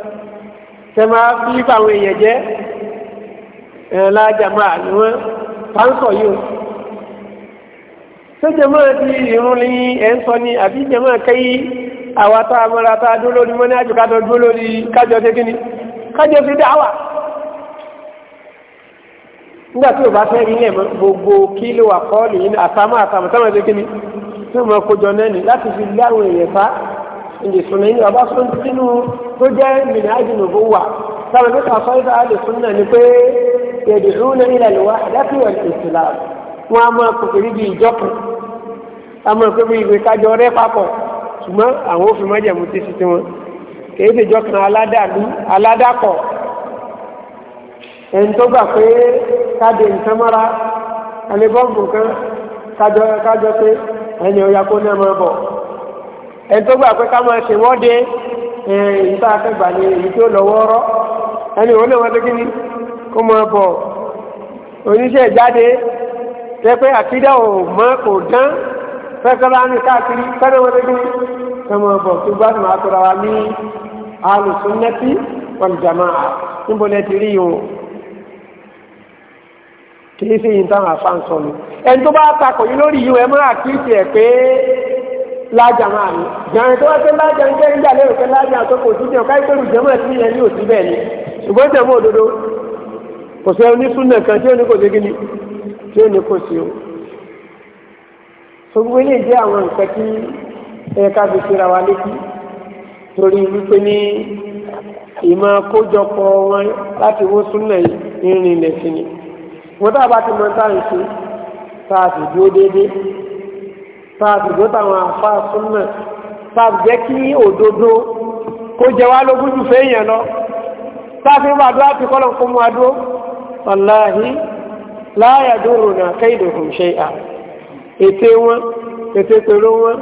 ṣe máa fi àwọn èèyàn jẹ́ ẹ̀rọ̀lá jàmá ni wọ́n bá ń sọ yìí o ṣé jàmá ti irun ní ẹ̀ ń sọ ni àbí jàmá kẹ́yí àwa tá a mọ́ra tá a dúró lórí mọ́ ní àjò kájọ dúró lórí kájọ ṣe kíni kájọ fi dá wà nígbà tí o bá fẹ́ rí lẹ́mọ́ gbogbo kílò àkọọ́lù yìí àtàmọ́ àtàmọ́ táwọn ṣe tí wọ́n mọ kójọ náà ní láti fi lé àwọn èèyàn fáá ìdìsúnà yìí ọba sún sínú tó jẹ́ mìnàjì nùbú wà sáwọn nípa sọ́yìnbá àdìsúnà ni pé ìdìrú ní ilẹ̀ ìwà ìdákìwẹ̀ ìsìlá wọn a máa kòkòrò ibi ìjọkùn a máa kó bí ìwé kájọ rẹ papọ̀ ṣùgbọ́n àwọn òfin májẹ̀mú ti sí tiwọn kèé ti jọkùn aládàlú aládàkọ̀ ẹni tó gbà pé káde nǹkan mọ́ra ẹni bọ́ǹbù kan kájọ pé ẹni ọ̀yà kó náà máa bọ̀ ẹni tó gbà pé ká máa ṣe wọ́de ìta akẹgbà ni èyí tó lọ́wọ́ rọ́ ẹni òun náà wọ́n tó kí ni kó máa bọ̀ oníṣẹ́ ìjáde jẹ́ pé àkídá ò mọ́ kò dán fẹ́kọ́lá ní káàkiri fẹ́rẹ́ wọ́n tó kí ni kó máa bọ̀ tó bá tún àtọ́ra wa ní alùsùnẹ́tì ọ̀lùjàmá níbo lẹ ti rí ìhùn kì í sí ìyìn táwọn àfáǹsọ ni ẹni tó bá takò yín lórí ìhùn ẹ mọ́ àkíyèsí ẹ̀ pé lájà máa mi jàǹdà tó wá pé lájà ń jẹ́ ń jà lérò pé lájà tó kò sí jẹun káyọ̀ pẹ̀lú jẹ́mọ̀ sí ilẹ̀ ní òsì bẹ́ẹ̀ ni ṣùgbọ́n jẹ̀mọ́ òdodo kò sí ẹni súnà kan tí ó ní kò sí gíní tí ó ní kò sí o. gbogbo ilé jẹ́ àwọn nǹkan tí ẹ ká fi ṣe ra wa létí torí wípé ní ìmọ̀ kójọpọ̀ wọn láti wó súnà ìrìn ilẹ̀ sí ni. wọ́n tá a bá ti mọ táà ń ṣe táà sì dúró déédéé sáàbùgbó táwọn àfáà súnmọ̀ sáàbùjẹ́ kí òdodo kó jẹ wá lógún jù fẹ́yàn lọ sáàfin bá dúrà fi kọ́lọ̀ fún wa dúró wàláhí láyà dúró nà kẹ́ìdò kò ṣe à ète wọn ète pèrò wọn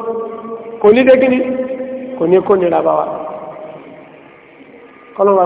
kò ní dégíní kò ní kó nira bá wa kọ́lọ̀